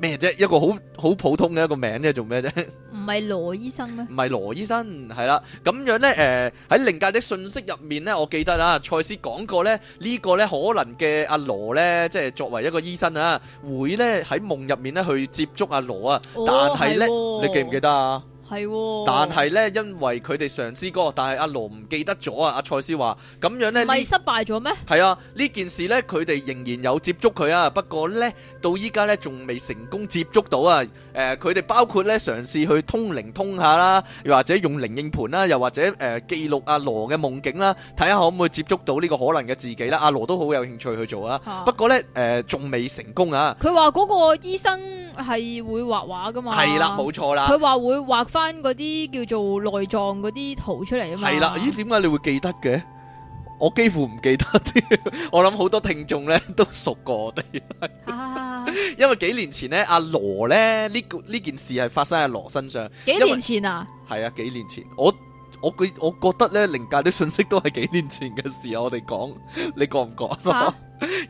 咩啫？一個好好普通嘅一個名咧，做咩啫？唔係羅醫生咩？唔係羅醫生，係啦。咁樣咧，誒喺靈界的信息入面咧，我記得啊，賽斯講過咧呢、這個咧可能嘅阿羅咧，即係作為一個醫生啊，會咧喺夢入面咧去接觸阿羅啊，哦、但係咧，哦、你記唔記得啊？係，但係咧，因為佢哋嘗試過，但係阿羅唔記得咗啊！阿蔡思話咁樣咧，係咪失敗咗咩？係啊，呢件事咧，佢哋仍然有接觸佢啊，不過咧到依家咧仲未成功接觸到啊。誒，佢哋包括咧嘗試去通靈通下啦，又或者用靈應盤啦，又或者誒記錄阿羅嘅夢境啦，睇下可唔可以接觸到呢個可能嘅自己啦。阿羅都好有興趣去做啊，不過咧誒仲未成功啊。佢話嗰個醫生係會畫畫噶嘛？係啦，冇錯啦。佢話會畫翻。翻嗰啲叫做內臟嗰啲圖出嚟啊嘛，係啦，咦？點解你會記得嘅？我幾乎唔記得啲， <laughs> 我諗好多聽眾咧都熟過我哋。 <laughs> <laughs> 因為幾年前咧阿羅咧呢呢件事係發生喺羅身上，幾年前啊，係啊，幾年前我。我佢，我覺得咧，靈界啲信息都係幾年前嘅事啊！我哋講，你講唔講？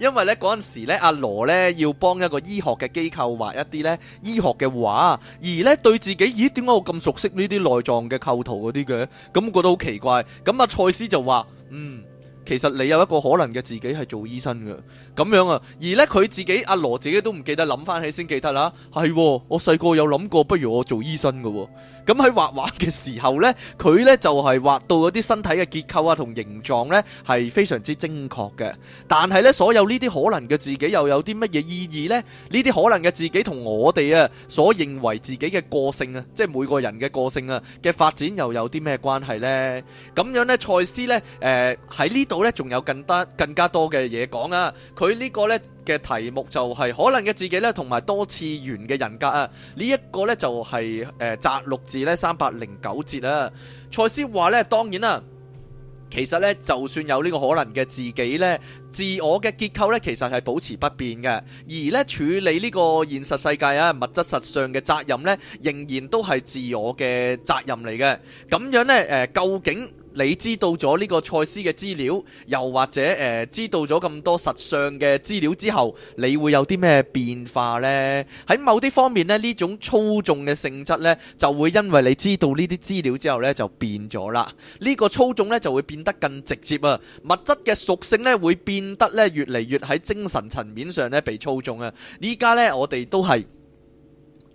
因為咧嗰陣時咧，阿羅咧要幫一個醫學嘅機構畫一啲咧醫學嘅畫，而咧對自己咦？點解我咁熟悉呢啲內臟嘅構圖嗰啲嘅？咁覺得好奇怪。咁阿賽斯就話：嗯。其實你有一個可能嘅自己係做醫生嘅咁樣啊，而呢佢自己阿羅自己都唔記，記得，諗翻起先記得啦。係、哦，我細個有諗過，不如我做醫生嘅喎、哦。咁喺畫畫嘅時候呢，佢呢就係、是、畫到嗰啲身體嘅結構啊同形狀呢係非常之精確嘅。但係呢，所有呢啲可能嘅自己又有啲乜嘢意義呢？呢啲可能嘅自己同我哋啊所認為自己嘅個性啊，即係每個人嘅個性啊嘅發展又有啲咩關係呢？咁樣呢，賽斯呢，誒喺呢？到咧，仲有更多、更加多嘅嘢講啊！佢呢個咧嘅題目就係可能嘅自己咧，同埋多次元嘅人格啊！呢、這、一個呢，就係誒，摘錄自呢，三百零九節啊！賽斯話呢，當然啦，其實呢，就算有呢個可能嘅自己呢，自我嘅結構呢，其實係保持不變嘅，而呢，處理呢個現實世界啊，物質實上嘅責任呢，仍然都係自我嘅責任嚟嘅。咁樣呢，誒，究竟？你知道咗呢個賽斯嘅資料，又或者誒、呃，知道咗咁多實相嘅資料之後，你會有啲咩變化呢？喺某啲方面呢，呢種操縱嘅性質呢，就會因為你知道呢啲資料之後呢，就變咗啦。呢、呢個操縱呢，就會變得更直接啊。物質嘅屬性呢，會變得呢越嚟越喺精神層面上呢，被操縱啊。依家呢，我哋都係。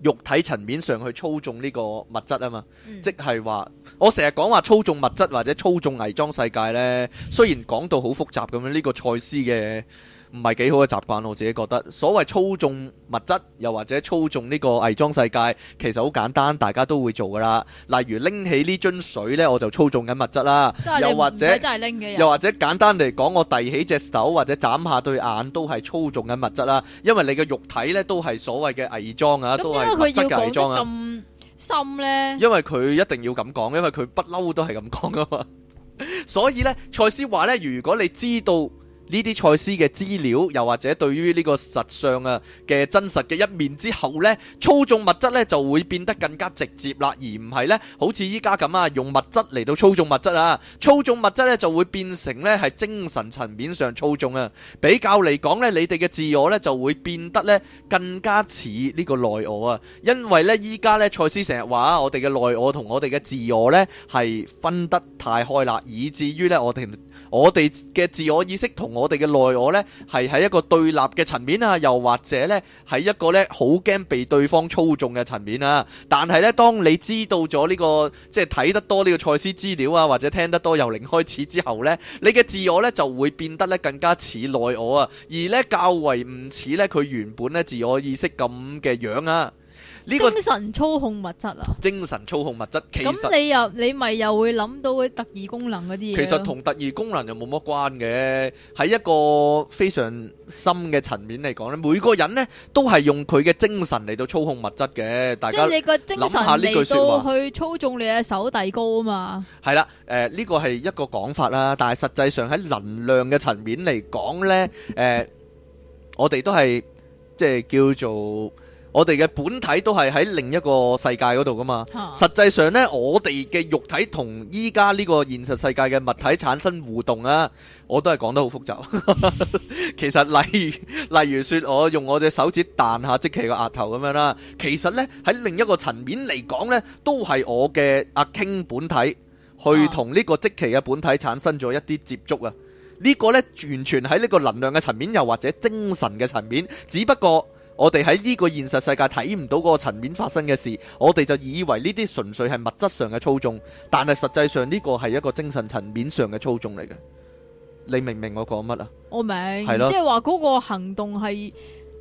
肉體層面上去操縱呢個物質啊嘛，即係話我成日講話操縱物質，或者操縱偽裝世界呢。雖然講到好複雜咁樣，呢個賽斯嘅。唔係幾好嘅習慣，我自己覺得。所謂操縱物質，又或者操縱呢個偽裝世界，其實好簡單，大家都會做噶啦。例如拎起呢樽水呢，我就操縱緊物質啦。的的又或者，又或者簡單嚟講，我遞起隻手或者眨下對眼都係操縱緊物質啦。因為你嘅肉體呢，都係所謂嘅偽裝啊，都係不偽裝啊。咁因為佢要講咁深呢？因為佢一定要咁講，因為佢不嬲都係咁講㗎嘛。 <laughs> 所以呢，賽斯話呢，如果你知道，呢啲賽斯嘅資料，又或者對於呢個實相啊嘅真實嘅一面之後呢，操縱物質呢就會變得更加直接啦，而唔係呢好似依家咁啊，用物質嚟到操縱物質啊，操縱物質呢就會變成呢係精神層面上操縱啊，比較嚟講呢，你哋嘅自我呢就會變得呢更加似呢個內我啊，因為呢，依家呢，賽斯成日話我哋嘅內我同我哋嘅自我呢係分得太開啦，以至於呢，我哋。我哋嘅自我意識同我哋嘅內我呢，係喺一個對立嘅層面啊，又或者呢，係一個呢好驚被對方操縱嘅層面啊。但係呢，當你知道咗呢個，即係睇得多呢個賽斯資料啊，或者聽得多由零開始之後呢，你嘅自我呢就會變得呢更加似內我啊，而呢較為唔似呢佢原本呢自我意識咁嘅樣啊。呢個精神操控物質啊！精神操控物質，其實咁你又你咪又會諗到啲特異功能嗰啲嘢。其實同特異功能又冇乜關嘅，喺一個非常深嘅層面嚟講咧，每個人咧都係用佢嘅精神嚟到操控物質嘅。即係你個精神嚟到去操縱你嘅手底高啊嘛。係啦，誒呢個係一個講法啦，但係實際上喺能量嘅層面嚟講咧，誒我哋都係即係叫做。我哋嘅本體都係喺另一個世界嗰度噶嘛，實際上呢，我哋嘅肉體同依家呢個現實世界嘅物體產生互動啊，我都係講得好複雜。 <laughs> 其實例如例如說，我用我隻手指彈下積奇個額頭咁樣啦，其實呢，喺另一個層面嚟講呢，都係我嘅阿傾本體去同呢個積奇嘅本體產生咗一啲接觸啊。呢、呢個呢，完全喺呢個能量嘅層面，又或者精神嘅層面，只不過。我哋喺呢個現實世界睇唔到個層面發生嘅事，我哋就以為呢啲純粹係物質上嘅操縱，但係實際上呢個係一個精神層面上嘅操縱嚟嘅。你明唔明我講乜啊？我明，即係話嗰個行動係。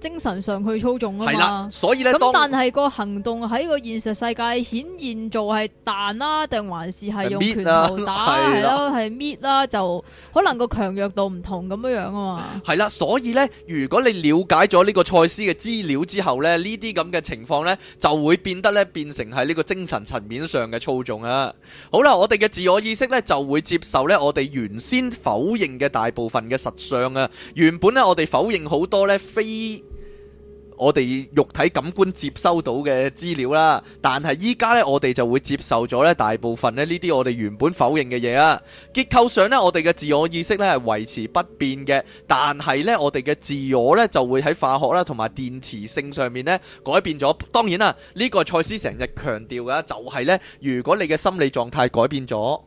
精神上去操縱啊嘛，係啦，所以咧咁但係當個行動喺個現實世界顯現做係彈啦，定還是係用拳頭打係咯，係搣啦，就可能個強弱度唔同咁樣樣啊嘛，係啦，所以咧如果你了解咗呢個賽斯嘅資料之後咧，這些這呢啲咁嘅情況咧就會變得咧變成喺呢個精神層面上嘅操縱啊。好啦，我哋嘅自我意識咧就會接受咧我哋原先否認嘅大部分嘅實相啊，原本咧我哋否認好多咧非。我哋肉體感官接收到嘅資料啦，但係依家呢，我哋就會接受咗呢大部分呢呢啲我哋原本否認嘅嘢啊。結構上呢，我哋嘅自我意識呢係維持不變嘅，但係呢，我哋嘅自我呢，就會喺化學啦同埋電磁性上面呢改變咗。當然啦，呢個賽斯成日強調嘅就係呢，如果你嘅心理狀態改變咗，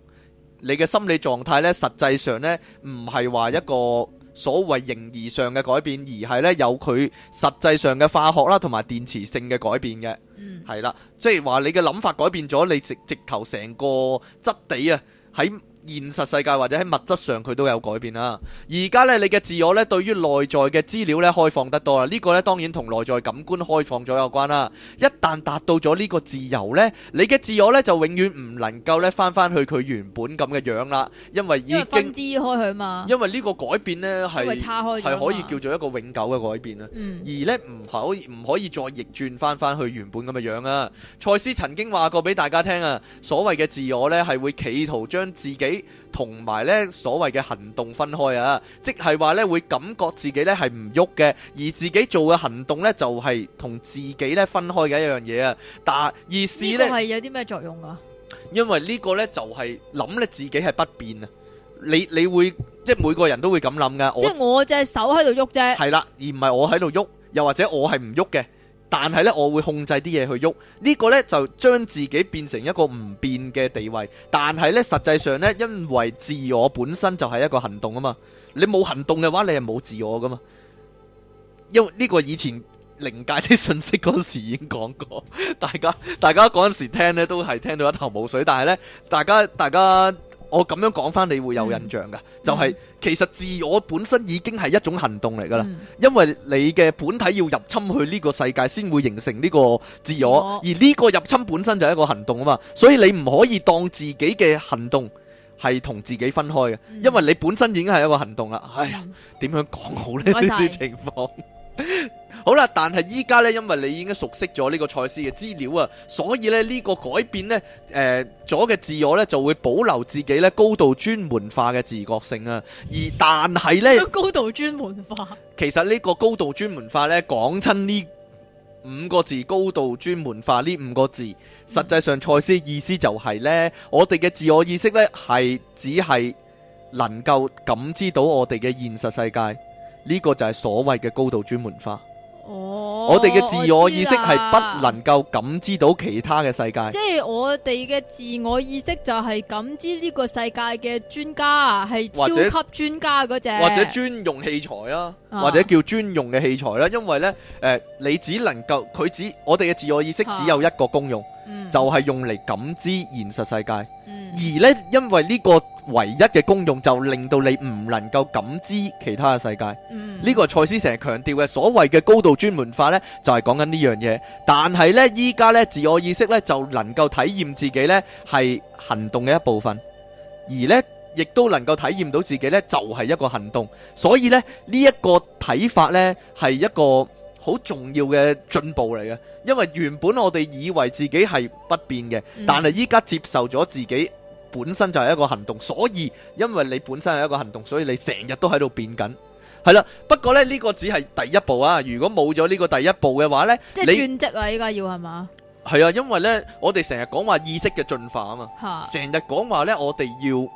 你嘅心理狀態呢，實際上呢，唔係話一個。所謂形而上嘅改變，而係咧有佢實際上嘅化學啦，同埋電磁性嘅改變嘅，係啦、嗯，即係話你嘅諗法改變咗，你直直頭成個質地啊喺現實世界或者喺物質上佢都有改變啦、啊。而家呢，你嘅自我呢，對於內在嘅資料呢，開放得多啦。呢、呢個呢，當然同內在感官開放咗有關啦、啊。一旦達到咗呢個自由呢，你嘅自我呢，就永遠唔能夠呢，翻翻去佢原本咁嘅樣啦。因為已經因為分支開去嘛。因為呢個改變呢，係係可以叫做一個永久嘅改變啦、啊。嗯、而呢，唔可以唔可以再逆轉翻翻去原本咁嘅樣啊？賽斯曾經話過俾大家聽啊，所謂嘅自我呢，係會企圖將自己。同埋呢，所謂嘅行動分開啊，即係話呢，會感覺自己呢係唔喐嘅，而自己做嘅行動呢就係同自己呢分開嘅一樣嘢啊。但係意思呢，呢個係有啲咩作用啊？因為呢個呢就係諗你自己係不變啊。你你會即係每個人都會咁諗噶。即係我隻手喺度喐啫。係啦，而唔係我喺度喐，又或者我係唔喐嘅。但係呢，我會控制啲嘢去喐，呢個呢，就將自己變成一個唔變嘅地位。但係呢，實際上呢，因為自我本身就係一個行動啊嘛，你冇行動嘅話，你係冇自我噶嘛。因為呢個以前靈界啲信息嗰時已經講過，大家大家嗰陣時聽呢都係聽到一頭霧水。但係呢，大家大家。我咁樣講翻你會有印象噶，嗯、就係其實自我本身已經係一種行動嚟噶啦，嗯、因為你嘅本體要入侵去呢個世界，先會形成呢個自我，我而呢個入侵本身就係一個行動啊嘛，所以你唔可以當自己嘅行動係同自己分開嘅，嗯、因為你本身已經係一個行動啦。哎呀，點、嗯、樣講好呢？呢啲謝些情況？ <laughs> <laughs> 好啦，但係依家呢，因為你已經熟悉咗呢個賽斯嘅資料啊，所以呢，呢、這個改變呢，誒、呃，咗嘅自我呢，就會保留自己呢高度專門化嘅自覺性啊。而但係呢，高度專門化，其實呢個高度專門化呢，講親呢五個字，高度專門化呢五個字，實際上賽斯意思就係呢，嗯、我哋嘅自我意識呢，係只係能夠感知到我哋嘅現實世界。呢個就係所謂嘅高度專門化。哦，oh，我哋嘅自我意識係不能夠感知到其他嘅世界。即係我哋嘅自我意識就係感知呢個世界嘅專家啊，係超級專家嗰隻，或者專用器材啊。或者叫專用嘅器材啦，因為呢，誒、呃，你只能夠佢，只我哋嘅自我意識只有一個功用，啊嗯、就係用嚟感知現實世界。嗯、而呢，因為呢個唯一嘅功用，就令到你唔能夠感知其他嘅世界。呢、嗯、個賽斯成日強調嘅所謂嘅高度專門化呢，就係講緊呢樣嘢。但係呢，依家呢，自我意識呢，就能夠體驗自己呢係行動嘅一部分，而呢。亦都能夠體驗到自己呢，就係一個行動。所以呢，呢一個睇法呢，係一個好重要嘅進步嚟嘅。因為原本我哋以為自己係不變嘅，但係依家接受咗自己本身就係一個行動。所以，因為你本身係一個行動，所以你成日都喺度變緊。係啦，不過呢，呢個只係第一步啊。如果冇咗呢個第一步嘅話呢，即係轉職啊，依家要係嘛？係啊，因為呢，我哋成日講話意識嘅進化啊嘛，成日講話呢，我哋要。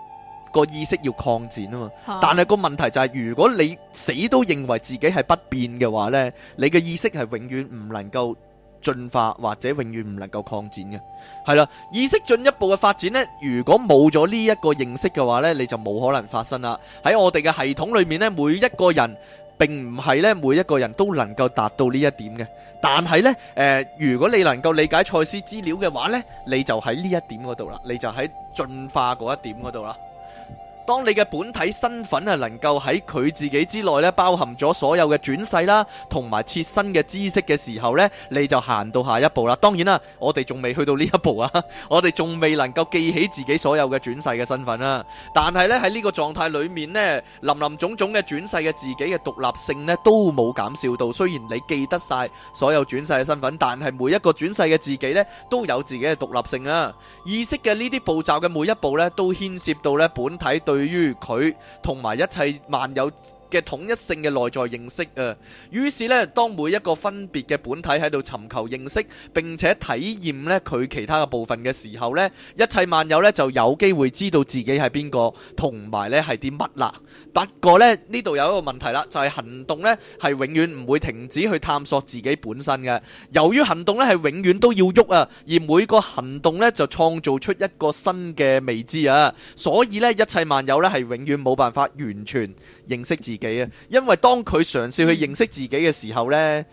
個意識要擴展啊嘛，但係個問題就係，如果你死都認為自己係不變嘅話呢，你嘅意識係永遠唔能夠進化或者永遠唔能夠擴展嘅，係啦。意識進一步嘅發展呢，如果冇咗呢一個認識嘅話呢，你就冇可能發生啦。喺我哋嘅系統裏面呢，每一個人並唔係呢，每一個人都能夠達到呢一點嘅，但係呢，誒、呃，如果你能夠理解賽斯資料嘅話呢，你就喺呢一點嗰度啦，你就喺進化嗰一點嗰度啦。當你嘅本體身份啊，能夠喺佢自己之內咧，包含咗所有嘅轉世啦，同埋切身嘅知識嘅時候咧，你就行到下一步啦。當然啦，我哋仲未去到呢一步啊，我哋仲未能夠記起自己所有嘅轉世嘅身份啊。但係呢，喺呢個狀態裏面，林林總總嘅轉世嘅自己嘅獨立性咧，都冇減少到。雖然你記得晒所有轉世嘅身份，但係每一個轉世嘅自己咧，都有自己嘅獨立性啊。意識嘅呢啲步驟嘅每一步咧，都牽涉到咧本體對對於佢同埋一切萬有。嘅統一性嘅內在認識啊，於是咧，當每一個分別嘅本體喺度尋求認識，並且體驗咧佢其他嘅部分嘅時候咧，一切萬有咧就有機會知道自己係邊個，同埋咧係啲乜啦。不過咧呢度有一個問題啦，就係行動咧係永遠唔會停止去探索自己本身嘅。由於行動咧係永遠都要喐啊，而每個行動咧就創造出一個新嘅未知啊，所以咧一切萬有咧係永遠冇辦法完全認識自己。因為當佢嘗試去認識自己嘅時候呢，嗯，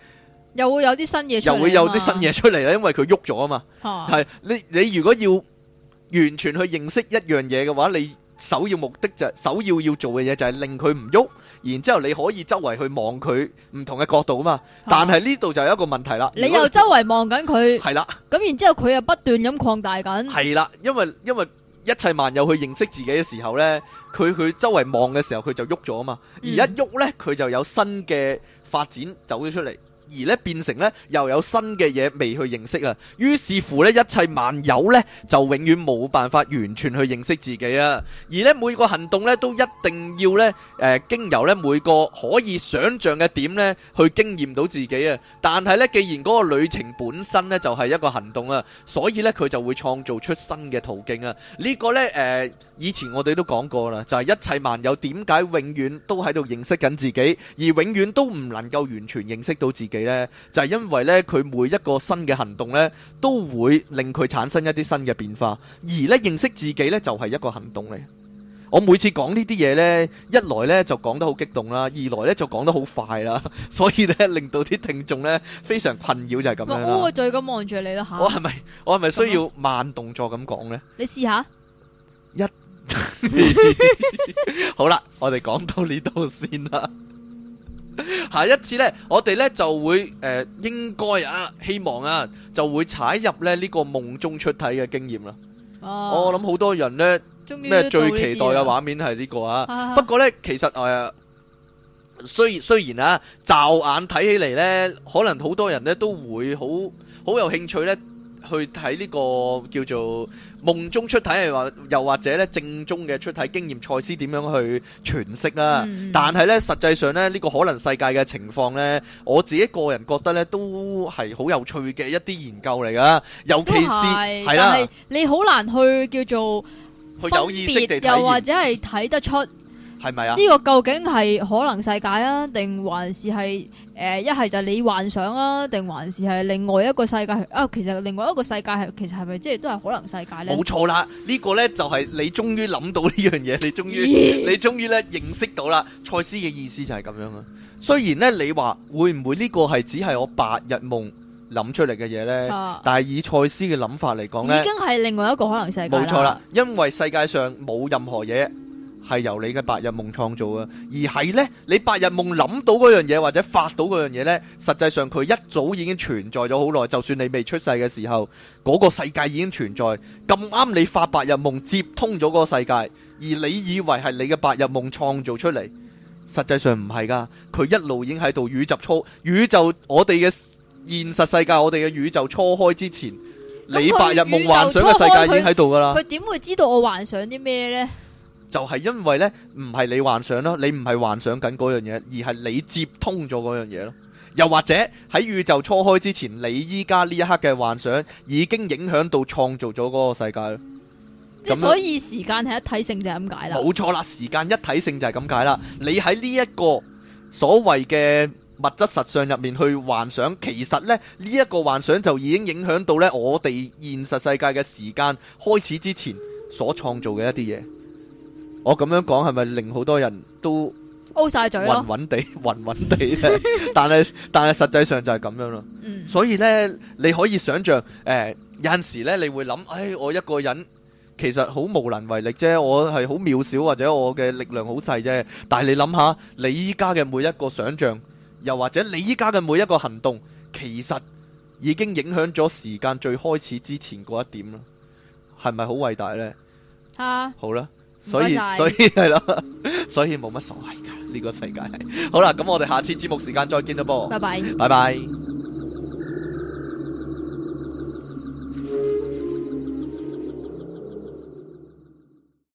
又會有啲新嘢，又會有啲新嘢出嚟啦。因為佢喐咗啊嘛。係，啊，你你如果要完全去認識一樣嘢嘅話，你首要目的就是，首要要做嘅嘢就係令佢唔喐，然之後你可以周圍去望佢唔同嘅角度啊嘛。啊但係呢度就有一個問題啦，你又周圍望緊佢，係啦的，咁然之後佢又不斷咁擴大緊，係啦，因為因為。一切萬有去認識自己嘅時候呢，佢佢周圍望嘅時候佢就喐咗啊嘛，而一喐呢，佢就有新嘅發展走咗出嚟。而咧變成咧又有新嘅嘢未去認識啊，於是乎咧一切萬有咧就永遠冇辦法完全去認識自己啊。而咧每個行動咧都一定要咧誒經由咧每個可以想像嘅點咧去經驗到自己啊。但係咧既然嗰個旅程本身咧就係一個行動啊，所以咧佢就會創造出新嘅途徑啊。呢個咧誒以前我哋都講過啦，就係一切萬有點解永遠都喺度認識緊自己，而永遠都唔能夠完全認識到自己。咧就係、是、因為咧佢每一個新嘅行動咧都會令佢產生一啲新嘅變化，而咧認識自己咧就係、是、一個行動嚟。我每次講呢啲嘢咧，一來咧就講得好激動啦，二來咧就講得好快啦，所以咧令到啲聽眾咧非常困擾，就係咁樣，我我係咪。我再咁望住你啦吓。我係咪我係咪需要慢動作咁講咧？你試下一 <laughs> <laughs> 好啦，我哋講到呢度先啦。 <laughs> 下一次呢，我哋呢就會誒、呃，應該啊，希望啊，就會踩入呢呢個夢中出體嘅經驗啦。啊、我諗好多人呢，咩最期待嘅畫面係呢個啊。啊不過呢，其實誒、呃，雖然雖然啊，驟眼睇起嚟呢，可能好多人呢都會好好有興趣呢。去睇呢個叫做夢中出體係話，又或者咧正宗嘅出體經驗，賽斯點樣去詮釋啦，嗯、但係咧，實際上咧，呢、這個可能世界嘅情況咧，我自己個人覺得咧，都係好有趣嘅一啲研究嚟噶。尤其是係是啦，你好難去叫做去有分別的，又或者係睇得出。係咪？啊？呢個究竟係可能世界啊，定還是係誒一係就你幻想啊，定還是係另外一個世界啊？其實另外一個世界係其實係咪即係都係可能世界呢？冇錯啦，呢、呢個呢就係你終於諗到呢樣嘢，你終於 <laughs> 你終於咧認識到啦。賽斯嘅意思就係咁樣啊。雖然呢，你話會唔會呢個係只係我白日夢諗出嚟嘅嘢呢？啊、但係以賽斯嘅諗法嚟講咧，已經係另外一個可能世界。冇錯啦，因為世界上冇任何嘢。係由你嘅白日夢創造㗎。而係呢，你白日夢諗到嗰樣嘢或者發到嗰樣嘢呢，實際上佢一早已經存在咗好耐。就算你未出世嘅時候，嗰、嗰個世界已經存在。咁啱，你發白日夢接通咗嗰個世界，而你以為係你嘅白日夢創造出嚟，實際上唔係噶。佢一路已經喺度宇宙初，宇宙，我哋嘅現實世界，我哋嘅宇，宇宙初開之前，你白日夢幻想嘅世界已經喺度噶啦。佢點會知道我幻想啲咩呢？就係因為呢，唔係你幻想囉。你唔係幻想緊嗰樣嘢，而係你接通咗嗰樣嘢咯。又或者喺宇宙初開之前，你依家呢一刻嘅幻想已經影響到創造咗嗰個世界咯。即係所以時間係一體性就係咁解啦。冇錯啦，時間一體性就係咁解啦。你喺呢一個所謂嘅物質實相入面去幻想，其實呢，呢一個幻想就已經影響到呢我哋現實世界嘅時間開始之前所創造嘅一啲嘢。我咁樣講係咪令好多人都烏晒嘴咯？暈暈地，暈暈地咧。但係但係實際上就係咁樣咯。嗯。所以呢，你可以想象，誒、呃，有陣時咧，你會諗，誒、哎，我一個人其實好無能為力啫，我係好渺小或者我嘅力量好細啫。但係你諗下，你依家嘅每一個想象，又或者你依家嘅每一個行動，其實已經影響咗時間最開始之前嗰一點啦。係咪好偉大呢？吓、啊，好啦。所以謝謝，所以係咯，所以冇乜所謂噶呢個世界係好啦，咁我哋下次節目時間再見啦，噃 bye，拜拜拜拜。